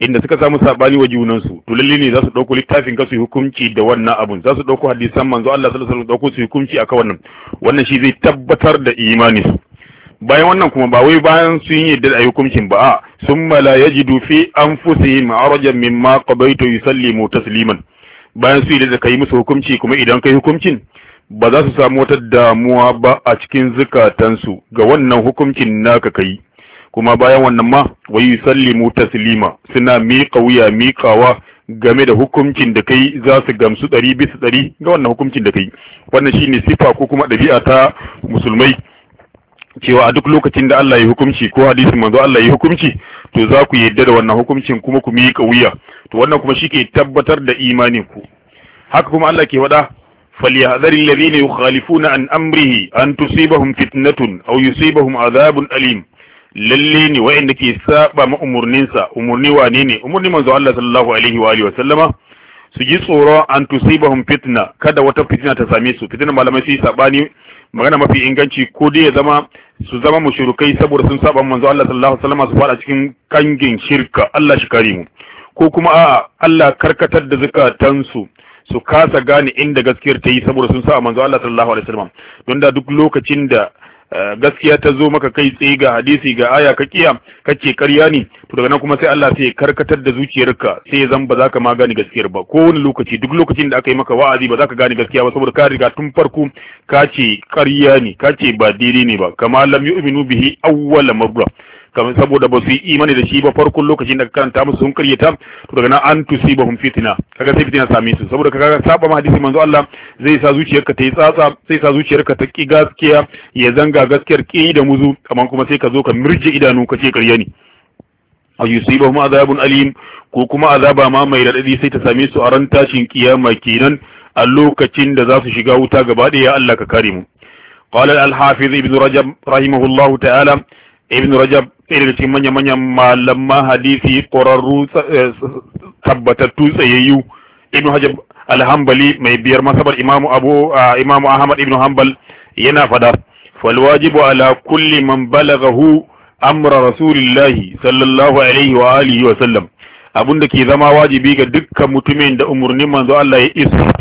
inda suka samu sabani wa junansu to lalle ne za su dauko littafin ka su yi hukunci da wannan abun za su dauko hadisan manzo Allah sallallahu alaihi wasallam dauko su hukunci akan wannan wannan shi zai tabbatar da imani su bayan wannan kuma ba wai bayan sun yi da hukuncin ba a summa la yajidu fi anfusihim arjan mimma qadaytu yusallimu tasliman bayan su yi da kai musu hukunci kuma idan kai hukuncin ba za su samu wata damuwa ba a cikin zukatansu ga wannan hukuncin naka kai kuma bayan wannan ma wayi sallimu taslima suna miƙa wuya miƙawa game da hukuncin da kai za su gamsu ɗari bisa ɗari ga wannan hukuncin da kai wannan shine sifa ko kuma ɗabi'a ta musulmai cewa a duk lokacin da Allah ya hukunci ko hadisin manzo Allah ya hukunci to za ku yarda da wannan hukuncin kuma ku miƙa wuya to wannan kuma shi ke tabbatar da imanin ku haka kuma Allah ke faɗa فليحذر الذين يخالفون عن أمره أن تصيبهم فتنة أو يصيبهم عذاب أليم lalle ne wayanda ke saba ma umurninsa umurni wane ne umurni manzo Allah sallallahu alaihi wa su ji tsoro an tusibahum fitna kada wata fitina ta same su fitina malamai su yi sabani magana mafi inganci ko dai ya zama su zama mushrikai saboda sun saba manzo Allah sallallahu alaihi wa su fada cikin kangin shirka Allah shi kare ko kuma a'a Allah karkatar da zakatansu su kasa gane inda gaskiyar ta yi saboda sun sa a manzo Allah sallallahu alaihi wasallam don da duk lokacin da eh, gaskiya ta zo maka kai tsaye ga hadisi ga aya ka kiya kake karya ne to daga nan kuma sai Allah sai ya karkatar da zuciyarka sai zan ba za ka ma gane gaskiyar ba ko Wani lokaci duk lokacin da aka yi maka wa'azi ba za ka gane gaskiya ba saboda ka riga tun farko kace karya ne kace ba daidai ne ba kamar lam yu'minu bihi awwala marra kamar saboda ba su yi imani da shi ba farkon lokacin da karanta musu sun karyata to daga nan an ba fitina kaga sai fitina same su saboda kaga saba ma hadisi manzo Allah zai sa zuciyarka ta yi tsatsa sai sa zuciyarka ta ki gaskiya ya zanga gaskiyar ki da muzu kamar kuma sai ka zo ka mirje idanu ka ce karya ne aw yusibahum azabun alim ko kuma azaba ma mai radadi sai ta same su a ran tashin kiyama kenan a lokacin da za su shiga wuta gaba ɗaya Allah ka kare mu قال الحافظ ابن رجب رحمه الله ta'ala. ibn rajab sai daga cikin manya manyan malaman hadisi ƙwararru eh, tabbatattu tsayayyu ibn hajab alhambali mai biyar masabar Imam abu ahmad ibn hanbal yana fada wajibu ala kulli man balagahu amra rasulillahi sallallahu alaihi wa alihi wa sallam da ke zama wajibi ga dukkan mutumin da umarnin manzo Allah ya isa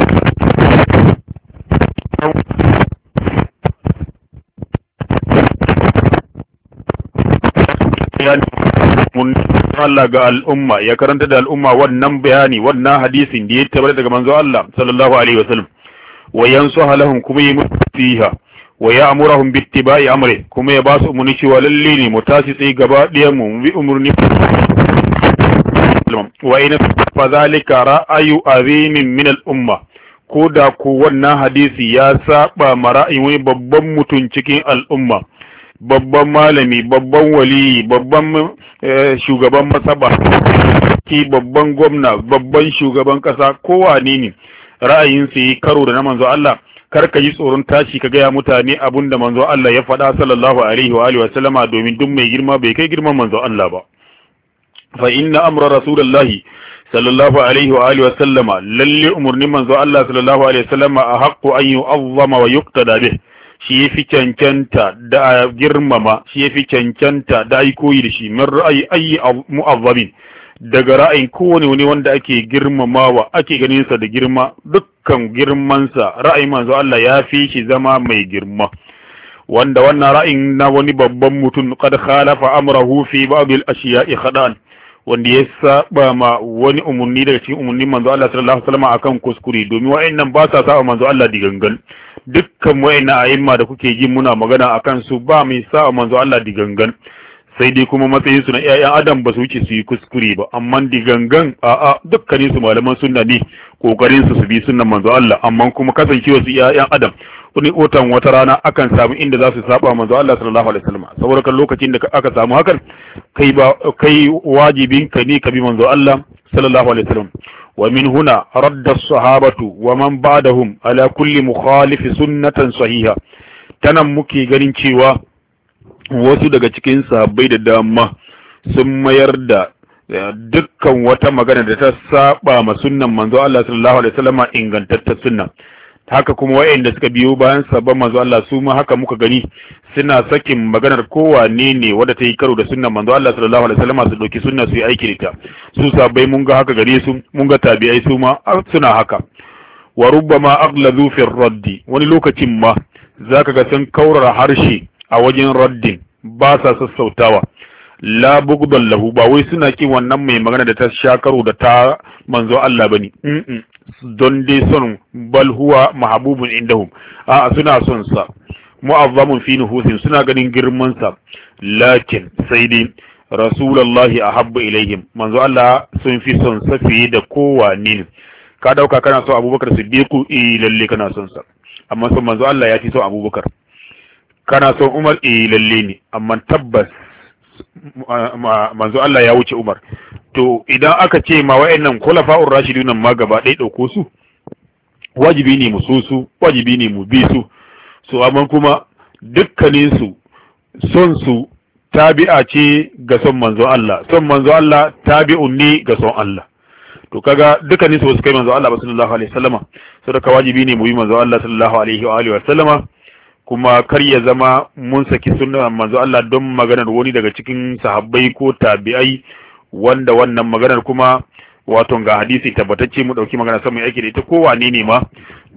umarni Allah ga al'umma ya karanta da al'umma wannan bayani wannan hadisin da ya tabbata daga manzo Allah sallallahu alaihi wasallam wa yansaha lahum kuma yi fiha wa ya'muruhum bi ittiba'i amri kuma ya basu umarni cewa lalle ne mu tashi tsaye gaba ɗaya mu bi umarni wa ina fa zalika ra'ayu azimin min al'umma, umma ko da ko wannan hadisi ya saba ma wani babban mutum cikin al'umma babban malami babban waliyi babban eh, shugaban masaba ki babban gwamna babban shugaban kasa kowa ne ne ra'ayinsa yi karo da na manzo Allah kar ka yi tsoron tashi ka gaya mutane abun da manzo Allah ya faɗa sallallahu alaihi wa alihi wa sallama domin duk mai girma bai kai girman manzo Allah ba fa inna amra rasulullahi sallallahu alaihi wa alihi wa sallama lalle umurnin manzo Allah sallallahu alaihi wa sallama a haqqu an yu'azzama wa yuqtada bih shi ya fi cancanta da a girmama shi ya fi cancanta da yi koyi da shi min ra'ayi ayi mu'azzamin daga ra'ayin kowane wani wanda ake girmamawa ake ganinsa da girma dukkan girmansa ra'ayin manzo Allah ya fi shi zama mai girma wanda wannan ra'ayin na wani babban mutum qad khalafa amrahu fi ba'd al-ashiya'i khadan wanda ya saba ma wani umarni daga cikin umarnin manzo Allah sallallahu alaihi wasallam akan kuskure domin wa'annan ba sa saba manzo Allah digangan dukkan wa'ina ayyuma da kuke ji muna magana a kansu ba mai sa manzo Allah digangan sai dai kuma matsayin su na iyayen adam ba su wuce su yi kuskure ba amma digangan a'a dukkanin su malaman sunna ne kokarin su su bi sunnan manzo Allah amma kuma kasancewa su iyayen adam kuni otan wata rana akan samu inda za su saba manzo Allah sallallahu alaihi wasallam saboda kan lokacin da aka samu hakan kai ba kai wajibin ka ne ka bi manzo Allah sallallahu alaihi wasallam Wa ومن هنا رد الصحابة ala بعدهم على كل مخالف سنة صحيحة muke ganin cewa wasu daga cikin sahabbai da dama sun mayar da dukkan wata magana da ta saɓa ma sunnan manzo Allah sallallahu alaihi wasallama ingantattar sunna haka kuma da suka biyo bayan sabon manzo Allah su ma haka muka gani suna sakin maganar kowane ne wadda ta yi karo da sunnan manzo Allah sallallahu alaihi wasallam su dauki sunna su yi aiki da su sabai mun ga haka gare su mun ga tabi'ai su ma suna haka wa rubbama aghladu fi raddi wani lokacin ma zaka ga sun kaurara harshe a wajen raddin ba sa sassautawa la bugdan lahu ba wai suna kin wannan mai magana da ta sha karo da ta manzo Allah bane don dai son bal huwa mahabubun indahum a suna son sa mu'azzamun fi nufusin suna ganin girman sa lakin sai dai rasulullahi ahabbu ilaihim manzo Allah sun fi son sa fiye da kowa ne ka dauka kana so Abubakar Siddiqu eh lalle kana son sa amma son manzo Allah ya ci son Abubakar kana son Umar eh lalle ne amma tabbas manzo Allah ya wuce Umar to idan aka ce ma wa'annan khulafa'ur rashidun ma gaba ɗaya ɗauko su wajibi ne mu susu su wajibi ne mu bi su so amma kuma dukkanin su son su tabi'a ce ga son manzo Allah son manzo Allah tabi'un ne ga son Allah to kaga dukkanin su su kai manzo Allah ba sallallahu alaihi wasallama saboda wajibi ne mu yi manzo Allah sallallahu alaihi wa alihi wasallama kuma kar ya zama mun saki sunnar manzo Allah don maganar wani daga cikin sahabbai ko tabi'ai wanda wannan maganar kuma wato ga hadisi tabbatacce mu dauki magana sama yake da ita ko wane ne ma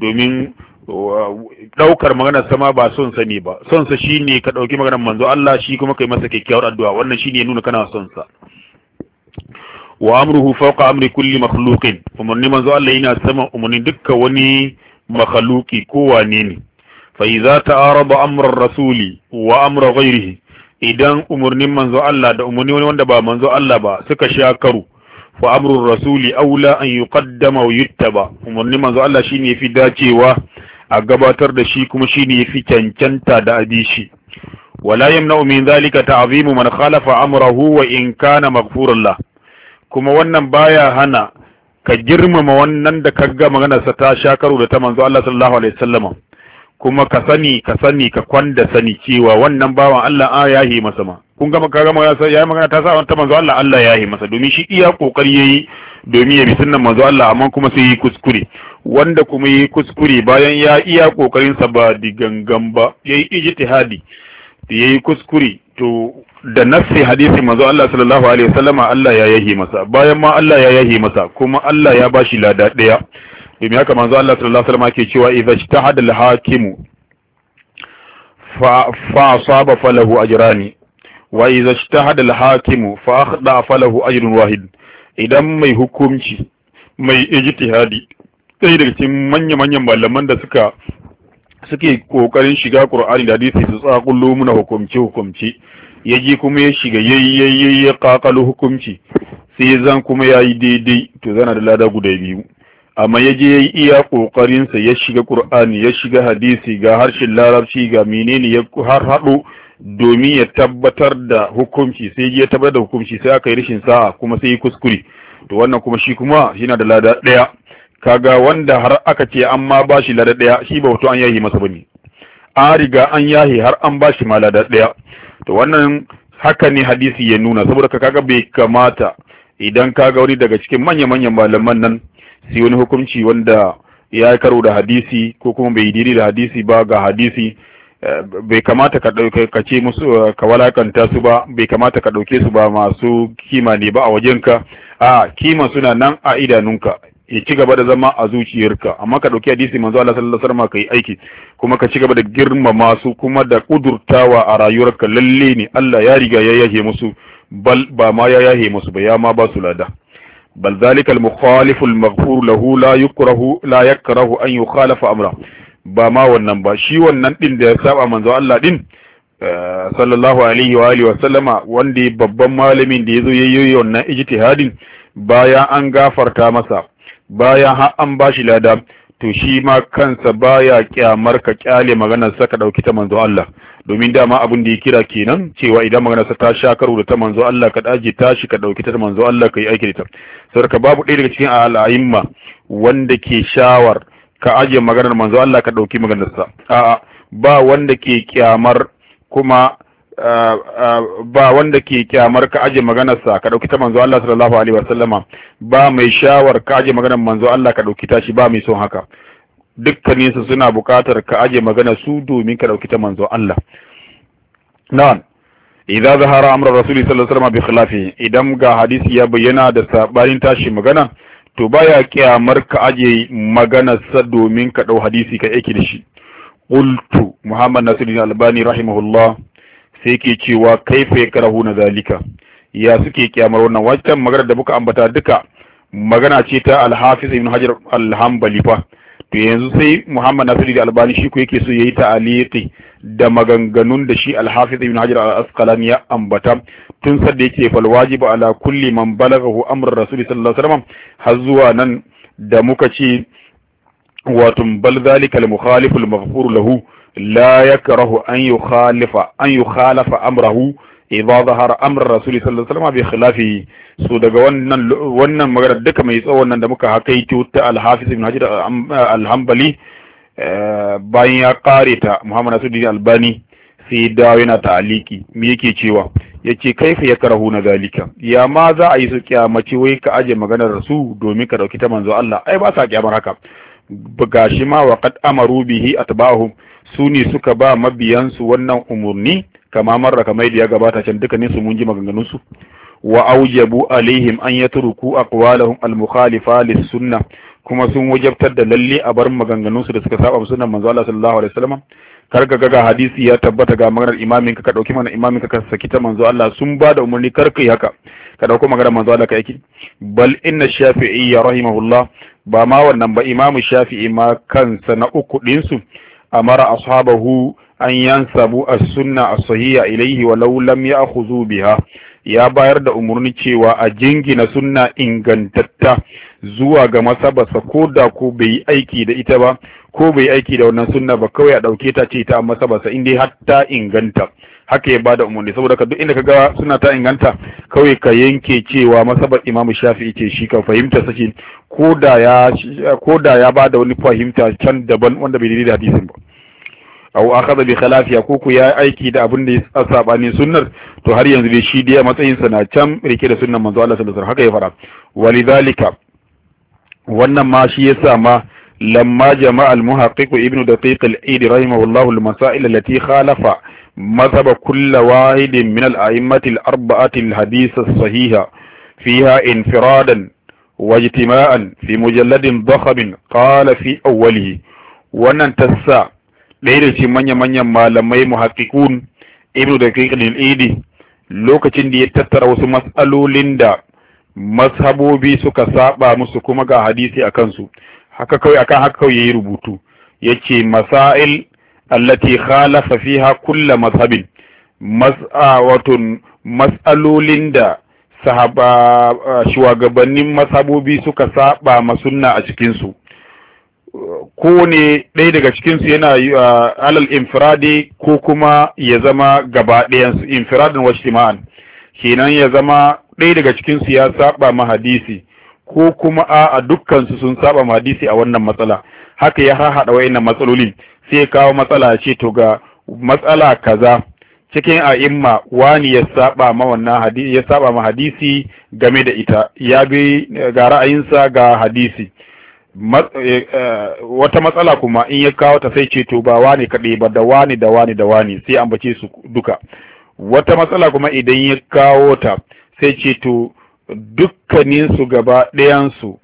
domin uh, daukar maganar sama ba son sa ne ba son sa shine ka dauki maganar manzo Allah shi kuma kai masa kyakkyawar addu'a wannan shine nuna kana son sa wa amruhu fawqa amri kulli makhluqin umarni manzo Allah yana sama umarni dukkan wani makhluki ko wane ne Fa'iza idza araba amrur rasuli wa amru ghairihi idan umarnin manzo Allah da umarni wani wanda ba manzo Allah ba suka sha karu fa amrur rasuli aula an yuqaddama wa ba umarnin manzo Allah shine fi dacewa a gabatar da shi kuma shine yafi cancanta da adishi wala yamna'u min zalika ta'zimu man khalafa amrahu wa in kana maghfurullah kuma wannan baya hana ka girmama wannan da ka ga maganarsa ta sha karo da ta manzo Allah sallallahu alaihi wasallam kuma ka sani ka sani ka kwanda sani cewa wannan bawan Allah ah, a yahi masa ma kun gama ka gama ya magana ta sa wanta manzo Allah Allah yahi masa domin shi iya kokari yayi domin ya bi sunnan manzo Allah amma kuma sai yi kuskure wanda kuma yi kuskure bayan ya iya kokarin sa ba digangan ba yayi ijtihadi yayi kuskure to da nafsi hadisi manzo Allah sallallahu alaihi wasallama Allah ya yahi masa bayan ma Allah ya yahi masa kuma Allah ya bashi lada daya domin haka manzo Allah sallallahu alaihi wasallam ke cewa idza ijtahada al-hakim fa a asaba falahu ajrani wa idza ijtahada al-hakim fa akhda falahu ajrun wahid idan mai hukumci mai ijtihadi sai daga cikin manya-manyan malaman da suka suke kokarin shiga Qur'ani da hadisi su tsakullo muna hukumci hukumci ji kuma ya shiga yayyayye ya hukumci sai zan kuma yayi daidai to zana da lada guda biyu amma ya je ya yi iya ƙoƙarinsa ya shiga ƙur'ani ya shiga hadisi ga harshen larabci ga menene ya har haɗo domin ya tabbatar da hukunci sai ya tabbatar da hukunci sai aka yi rashin sa'a kuma sai yi kuskure to wannan kuma shi kuma yana da lada ɗaya kaga wanda har aka ce an ma ba shi lada ɗaya shi ba wato an yahi masa bane a riga an yahi har an ba shi ma lada ɗaya to wannan haka ne hadisi ya nuna saboda kaga bai kamata idan kaga wani daga cikin manya-manyan malaman nan sai wani hukunci wanda ya karo da hadisi ko kuma bai diri da hadisi ba ga hadisi eh, bai kamata ka dauke ka ce musu eh, ka walakanta su ba bai kamata ka dauke su ba masu kima ne ba a wajenka a kima suna nan a idanunka ya ci gaba da zama a zuciyarka amma ka dauki hadisi manzo Allah sallallahu alaihi wasallam kai aiki kuma ka ci gaba da girmama su kuma da kudurtawa a rayuwarka lalle ne Allah ya riga ya yahe musu bal ba ma ya yahe musu ba ya ma ba su lada Balzalikal zalika al-mukhalifu al-maghfur lahu la yukrahu la yakrahu an ba ma wannan ba shi wannan din da ya saba manzo Allah din sallallahu alaihi wa alihi wa sallama wanda babban malamin da yazo yayi wannan ijtihadin bayan an gafarta masa bayan har an bashi lada to shi ma kansa baya kyamar ka kyale maganar saka ka dauki ta manzo Allah domin dama abin da ya kira kenan cewa idan maganarsa ta sha karo da ta manzo Allah ka daje tashi ka dauki ta manzo Allah ka yi aiki da ta saboda babu ɗaya daga cikin al'aimma wanda ke shawar ka ajiye maganar manzo Allah ka dauki maganarsa a'a ba wanda ke kyamar kuma ba wanda ke kyamar ka aje maganarsa ka ɗauki ta manzo Allah sallallahu alaihi wasallama ba mai shawar ka aje maganar manzo Allah ka ɗauki tashi ba mai son haka dukkaninsu suna buƙatar ka aje magana su domin ka ɗauki ta manzo Allah na'am idan zahara amrar rasuli sallallahu alaihi wasallam bi khilafi idan ga hadisi ya bayyana da sabanin tashi magana to baya kiyamar ka aje magana sa domin ka dau hadisi ka aiki da shi qultu muhammad nasiruddin albani rahimahullah sai ke cewa kaifa na zalika ya suke kiyamar wannan wancan magana da muka ambata duka magana ce ta al-hafiz ibn hajar al-hanbali fa to yanzu sai Muhammad Nasiru Albani shi ko yake so ya yi ta'aliki da maganganun da shi Al-Hafiz Ibn Hajar Al-Asqalani ya ambata tun sadda yake fal wajibu ala kulli man balaghahu amr Rasul sallallahu alaihi wasallam har zuwa nan da muka ce wato bal zalika al al-maghfur lahu la yakrahu an yukhalifa an yukhalafa amrahu idza zahara amr rasul sallallahu alaihi wasallam bi khilafi su daga wannan wannan magana duka mai tsawon nan da muka hakaito ta al-hafiz ibn hajar al eh, bayan ya kare ta muhammad nasuddin albani sai dawo yana ta'aliki me yake cewa yace ya yakrahu na zalika ya ma za a yi su kyamaci wai ka aje maganar su domin ka dauki ta manzo Allah ai ba sa kyamar haka gashi ma wa qad amaru bihi atba'uhum su ne suka ba mabiyansu wannan umurni kama marra kama yadda ya gabata can dukkanin su mun ji maganganunsu. wa aujabu alaihim an yatruku aqwalahum al-mukhalifa lis-sunnah kuma sun wajabtar da lalle a bar maganganunsu da suka saba sunnan manzo Allah sallallahu alaihi wasallam kar ka ga hadisi ya tabbata ga maganar imamin ka ka dauki mana imamin ka ka saki ta manzo Allah sun ba da umarni kar yi haka ka dauko maganar manzo Allah ka yake bal inna shafi'i ya rahimahullah ba ma wannan ba imamu shafi'i ma kansa na uku din su amara ashabahu an yansabu as-sunna as-sahiha ilaihi wa law lam ya'khudhu biha ya bayar da umarni cewa a jingina sunna ingantatta zuwa ga masabasa ko da ko bai aiki da ita ba ko bai aiki da wannan sunna ba kawai a dauke ta ce ta masabarsa inda har ta inganta haka ya bada umarni saboda ka duk inda ka ga suna ta inganta kawai ka yanke cewa masabar imamu shafi'i ce shi ka fahimta sace ko da ya ko da ya bada wani fahimta can daban wanda bai da hadisin ba au akhadha bi khilafiya ko ku ya aiki da abin da ya sabani sunnar to har yanzu dai shi dai matsayin sa na can rike da sunnan manzo Allah sallallahu alaihi haka ya fara walidhalika wannan ma shi yasa ma lamma jama'a al-muhaqqiq ibnu daqiq al-eid rahimahullahu al-masail allati khalafa madhhab kull wahid min al-a'immati al-arba'ati al-hadith as-sahiha fiha infiradan واجتماعا في مجلد ضخم قال في أوله sa. ɗaya da cikin manya-manyan malamai muhakkikun ibnu da idi lokacin da ya tattara wasu matsalolin da mashabobi suka saba musu kuma ga hadisi a kansu haka kawai akan haka kawai yayi rubutu ce masail allati khalafa fiha kulla mashabin mas'awatun mas'alolin da shugabannin mashabobi suka saba masunna a cikinsu. ko ne ɗaya daga cikinsu yana alal infiradi ko kuma ya zama gaba ɗayansu infiradin shima'an kenan ya zama ɗaya daga cikinsu ya saba ma hadisi ko kuma a dukkansu sun saba ma hadisi a wannan matsala haka ya haɗa wa'innan matsaloli sai kawo matsala ce to ga matsala kaza cikin imma wani ya saba ma wannan ya saba ma hadisi game da ita ya bi ga ra'ayinsa ga hadisi Eh, eh, wata matsala kuma in ya kawo ta sai ce to ba wani kaɗai ba da wani da wani da wani sai ambace su duka wata matsala kuma idan ya kawo ta sai ce to dukkaninsu gaba ɗayansu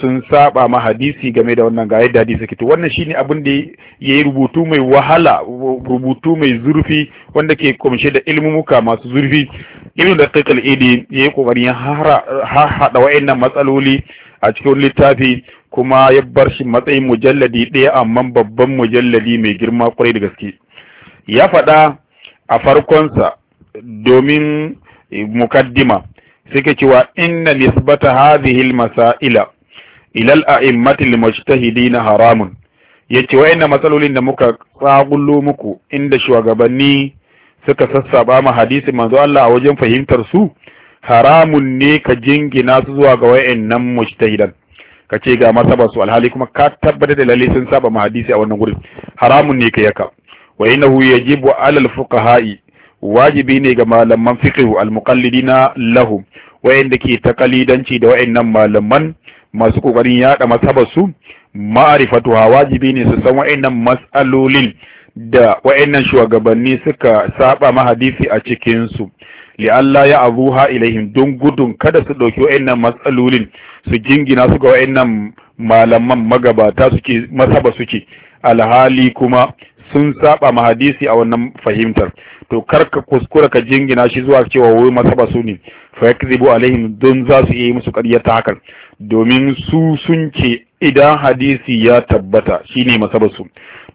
sun saba ma hadisi game da wannan ga yadda hadisi to wannan shine abin da ya yi rubutu mai wahala rubutu mai zurfi wanda ke kumshe da ilmumuka masu zurfi irin da kai idi ya yi kokarin ya hada wa'annan matsaloli a cikin littafi kuma ya bar shi matsayin mujalladi ɗaya amma babban mujalladi mai girma kwarai da gaske ya faɗa a farkonsa domin mukaddima suke cewa inna nisbata hadhihi almasaila ila al-a'immati al-mujtahidina haramun yace wayanna matsalolin da muka tsagullo muku inda shugabanni suka sassaba ma hadisi manzo Allah a wajen fahimtar su haramun ne ka jingina su zuwa ga wayannan mujtahidan ka ce ga masaba su alhali kuma ka tabbatar da lalle sun saba mahadisi a wannan gurin haramun ne ka yaka wa innahu yajibu alal fuqaha'i wajibi ne ga malaman fiqh al muqallidina lahum wayanda ke takalidanci da wayannan malaman masu kokarin yada masabar su ma'rifatuha wajibi ne su san wayannan mas'alolin da wayannan shugabanni suka saba mahadisi a cikin su li'alla ya abuha ilaihim don gudun kada su ɗauki wa'annan matsalolin su jingina su ga wa'annan malaman magabata suke masaba suke alhali kuma sun saba ma hadisi a wannan fahimtar to kar ka kuskura ka jingina shi zuwa cewa wai masaba su ne fa yakzibu alaihim don za su yi musu ƙarya ta hakan domin su sun ce idan hadisi ya tabbata shine masaba su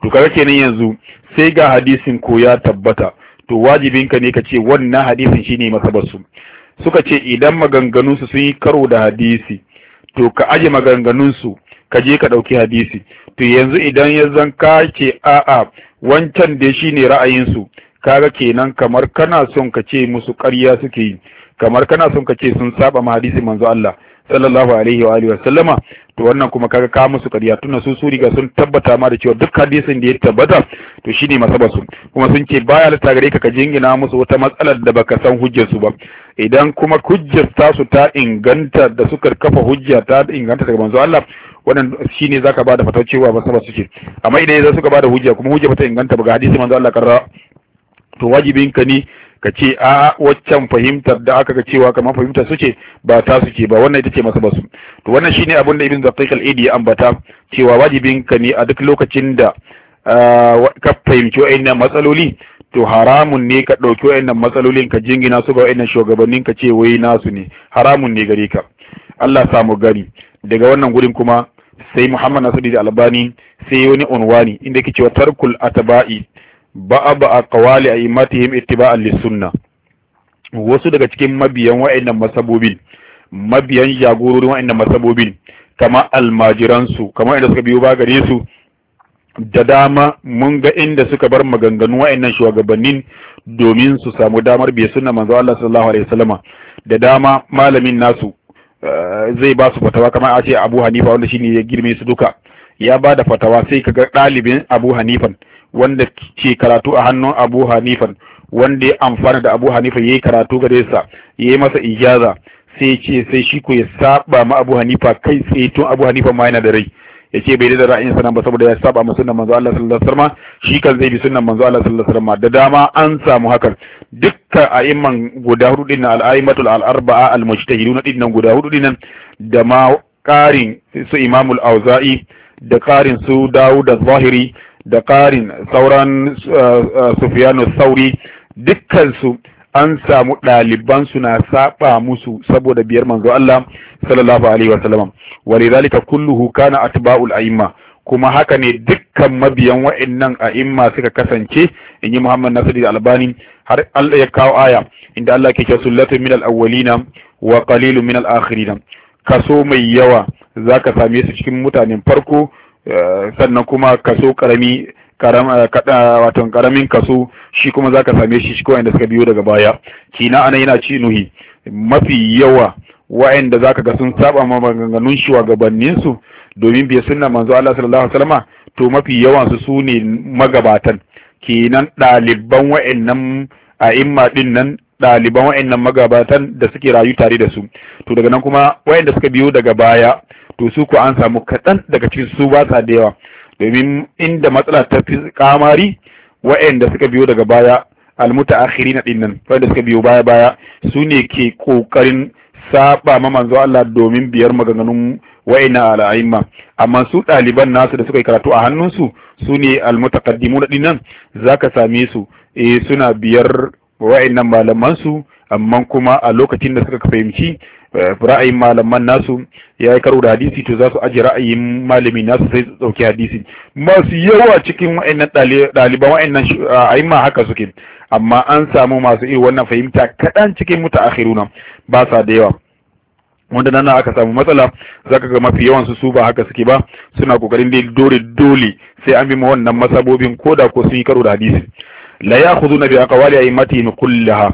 to kaga kenan yanzu sai ga hadisin ko ya tabbata to wajibinka ne ka ce wannan hadisin shine masabarsu suka ce idan maganganunsu sun yi karo da hadisi to ka aje maganganunsu ka je ka ɗauki hadisi to yanzu idan ya zan ka ce a'a wancan da shi ne ra'ayinsu kaga kenan kamar kana son ka ce musu ƙarya suke yi kamar kana son ka ce sun saba ma hadisi manzo Allah sallallahu alaihi wa alihi wa sallama to wannan kuma kaga ka musu kariya tunan su su riga sun tabbata ma da cewa duk hadisin da ya tabbata to shine masabar su kuma sun ce baya lasta gare ka ka jingina musu wata matsalar da baka san hujjar su ba idan kuma hujjar ta su ta inganta da suka kafa hujja ta inganta daga manzo Allah wannan shine zaka bada fata cewa su ce amma idan za suka bada hujja kuma hujja bata inganta ba ga hadisi manzo Allah karra to wajibin ka ne ka ce a waccan fahimtar da aka ga cewa kamar fahimtar su ce ba ta su ce ba wannan ita ce masa basu to wannan shine abin da ibn zaqiq al-idi ya ambata cewa wajibin ka ne a duk lokacin da ah, ka fahimci wa'annan matsaloli to haramun ne ka ɗauki wa'annan matsalolin ka jingina su ga wa'annan shugabannin ka ce wai nasu ne haramun ne gare ka Allah samu gani daga wannan gurin kuma sai Muhammad Nasiru da Albani sai wani unwani inda yake cewa tarkul ataba'i ba ba a kawali a imatihim ittiba'an lissunna wasu daga cikin mabiyan wa'annan masabobin mabiyan jagororin wa'annan masabobin kama almajiransu kama inda suka biyo ba su da dama mun ga inda suka bar maganganu wa'annan shugabannin domin su samu damar biye sunna manzo Allah sallallahu alaihi wasallama da dama malamin nasu eh, zai ba su fatawa kamar a ce Abu Hanifa wanda shine ya girme su duka ya ba da fatawa sai kaga ɗalibin Abu Hanifan wanda ke karatu a hannun abu hanifan wanda ya amfana da abu hanifa ya yi karatu gare sa ya yi masa ijaza sai ce sai shi ko ya saba ma abu hanifa kai tsaye tun abu hanifa ma yana da rai ya ce bai da ra'ayin sanan ba saboda ya saba ma sunan manzo Allah sallallahu alaihi wasallam shi kan zai bi sunan manzo Allah sallallahu alaihi wasallam da dama an samu hakan dukka a'imman guda hudu din al-a'immatul al-arba'a al-mujtahidun din nan guda hudu din da ma karin su Imamul Auza'i da karin su Dawud da zahiri da ƙarin sauran uh, uh, sufiyanu sauri dukkansu an samu ɗaliban na saba musu saboda biyar manzo Allah sallallahu alaihi wa sallam walidhalika kulluhu kana atba'ul a'imma kuma haka ne dukkan mabiyan wa'annan a'imma suka kasance in yi Muhammad Nasiru Albani har Allah ya kawo aya inda Allah ke cewa sullatu minal awwalina wa min minal akhirina kaso mai yawa zaka same su cikin mutanen farko Eh, sannan kuma kaso karami karam wato karamin kaso shi kuma zaka same shi shi ko suka biyo daga baya kina anan yana ci nuhi mafi yawa wa'anda zaka ga sun saba ma maganganun shi gabanin su domin biya sunna manzo Allah sallallahu alaihi wasallama to mafi yawan su sune magabatan kenan ɗaliban wa'annan a'imma din nan ɗaliban wa'annan magabatan da suke rayu tare da su to daga nan kuma wa'anda suka biyo daga baya to su ku an samu kaɗan daga cikin su ba sa da yawa domin inda matsala ta fi kamari wa'anda suka biyo daga baya almuta akhiri na dinnan wa'anda suka biyo baya baya su ne ke kokarin saba ma manzo Allah domin biyar maganganun wa'ina al'aimma amma su ɗaliban nasu da suka yi karatu a hannunsu su ne almutaqaddimu na dinnan zaka same su eh suna biyar wa'annan malaman su amma kuma a lokacin da suka fahimci ra'ayin malaman nasu ya yi karo da hadisi to za su aji ra'ayin malami nasu sai su ɗauki hadisi masu yawa cikin wa'annan ɗaliban wa'annan a'imma haka suke amma an samu masu iri wannan fahimta kaɗan cikin mutaakhiruna ba sa da yawa wanda nan aka samu matsala zaka ga mafi yawan su ba haka suke ba suna kokarin dai dole dole sai an bi ma wannan masabobin koda ko sun yi karo da hadisi la ya'khuduna bi aqwali aymatihim kullaha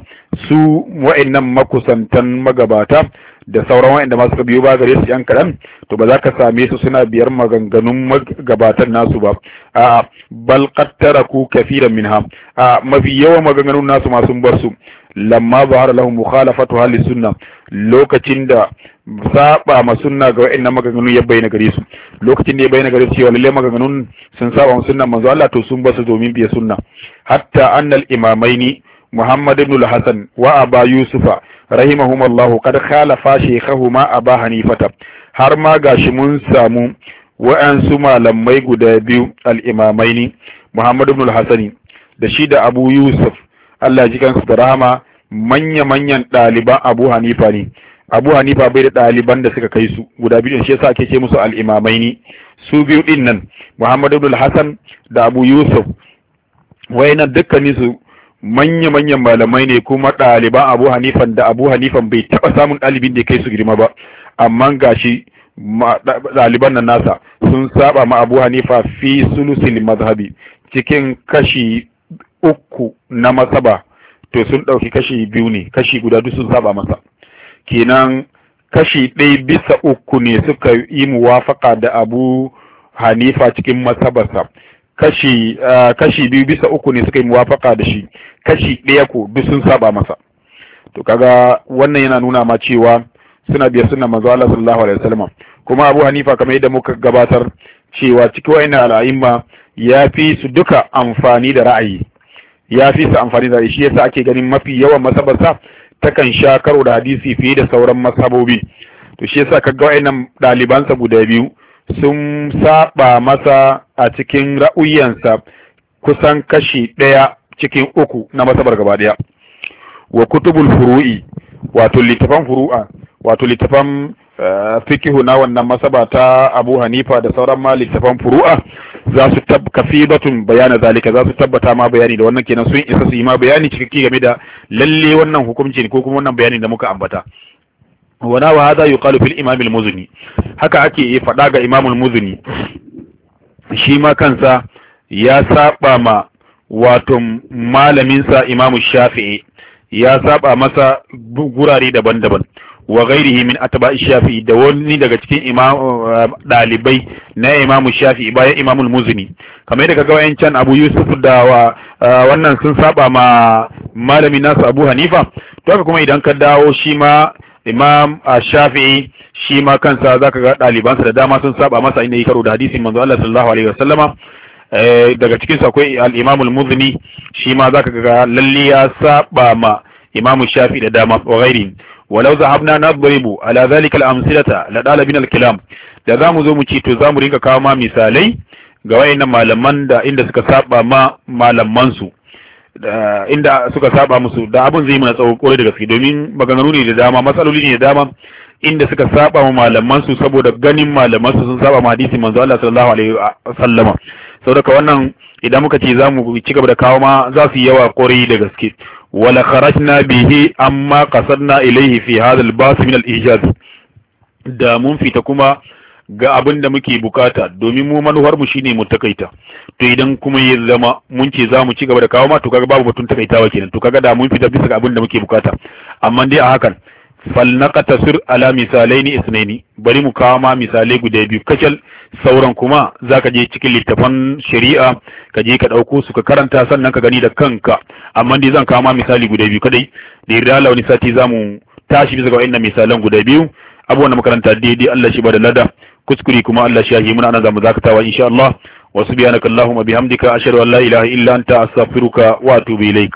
su wa'annan makusantan magabata da sauran wa'anda masu biyu biyo ba gare su yan kaɗan to ba za ka same su suna biyar maganganun magabatan nasu ba a bal qattara ku kafiran minha a mafi yawan maganganun nasu ma sun bar su lamma bahara lahum mukhalafatu hali sunna lokacin da saba ma sunna ga wa'anda maganganun ya bayyana gare su lokacin da ya bayyana gare su cewa lalle maganganun sun saba ma sunna manzo Allah to sun bar su domin biya sunna hatta annal imamaini Muhammad ibn al-Hasan wa Aba Yusufa Allah kad khalafa shekhahuma aba hanifata har ma gashi mun samu wa'ansu malamai guda biyu al'imamai ne Muhammad ibn al hasani da shi da Abu Yusuf Allah ji kansu da rahama manya-manyan ɗaliban Abu Hanifa ne Abu Hanifa bai da ɗaliban da suka kai su guda biyu shi yasa ake ce musu al'imamai ne su biyu din nan Muhammad ibn al-Hassan da Abu Yusuf wayna dukkanin su manya-manyan malamai ne kuma ɗaliban abu hanifan da abu hanifan bai taɓa samun ɗalibin da kai su girma ba amma gashi ɗaliban nan nasa sun saba ma abu hanifa fi sulusil mazhabi cikin kashi uku na masaba to sun ɗauki kashi biyu ne kashi guda duk sun saba masa kenan kashi ɗaya bisa uku ne suka yi muwafaka da abu hanifa cikin masabarsa kashi ah, kashi biyu bisa uku ne suka yi muwafaka da shi kashi ɗaya ko duk sun saba masa to kaga wannan yana nuna ma cewa suna biyar suna manzo Allah sallallahu alaihi wasallam kuma Abu Hanifa kamar yadda muka gabatar cewa cikin wayannan al'aimma ya fi su duka amfani da ra'ayi ya fi su amfani da shi yasa ake ganin mafi yawan masabarsa takan sha karo da hadisi fiye da sauran masabobi to shi yasa kaga wayannan dalibansa guda biyu sun saba masa a cikin ra'uyansa kusan kashi ɗaya cikin uku na masabar gaba ɗaya wa kutubul furu'i wato littafan furu'a wato littafan eh, fikihu na wannan masaba ta abu hanifa da sauran ma littafan furu'a za su kafibatun bayana zalika za su tabbata ma bayani da wannan kenan sun isa su yi ma bayani cikakke game da lalle wannan hukunci ko kuma wannan bayani da muka ambata wana wa hada yuqalu fil imam al-muzni haka ake faɗa ga imamul muzuni shi ma kansa ya saba ma wato malaminsa imamu shafi'i ya saba masa gurare daban-daban wa ghairihi min atba shafi'i da wani daga cikin imam dalibai na imamu shafi'i bayan imamul muzini kamar yadda kaga can abu yusuf da wannan sun saba ma malami nasu abu hanifa to haka kuma idan ka dawo shi ma imam ah, shafi'i shi ma kansa zaka ga ɗalibansa da dama sun saba masa inda yi karo da hadisin manzo Allah sallallahu alaihi wasallama eh, daga cikin sa akwai al-imam al-muzni shi ma zaka ga lalle ya saba ma imam shafi'i da dama wa ghairi walau zahabna nadribu ala zalika al-amsilata la dalabin al-kalam da zamu zo mu ci to zamu rinka kawo ma misalai ga wayannan malaman da inda suka saba ma malaman su inda suka saba musu da abin zai mana tsawo kore da gaske domin maganganu ne da dama matsaloli ne da dama inda suka saba ma malaman su saboda ganin malaman su sun saba ma hadisi manzo Allah sallallahu alaihi wasallama saboda wannan idan muka ce zamu ci gaba da kawo ma za su yawa kore da gaske wala kharajna bihi amma qasadna ilayhi fi hadha al-bas min al-ijaz da mun fita kuma ga abin da muke bukata domin mu manuhar mu shine mu takaita to idan kuma ya zama mun ce za mu ci gaba da kawo ma to kaga babu batun takaitawa kenan to kaga da mun fita bisa ga abin da muke bukata amma dai a hakan sir ala misalaini isnaini bari mu kawo ma misalai guda biyu kacal sauran kuma zaka je cikin littafan shari'a ka je ka dauko su ka karanta sannan ka gani da kanka amma dai zan kawo ma misali guda biyu kadai da yarda Allah wani sati zamu tashi bisa ga wayannan misalan guda biyu abubuwan da makaranta daidai Allah shi ba da lada kuskure kuma Allah shi ya yi muna ana zamu zakatawa insha Allah wa subhanaka allahumma bihamdika ashhadu an la ilaha illa anta astaghfiruka wa atubu ilaik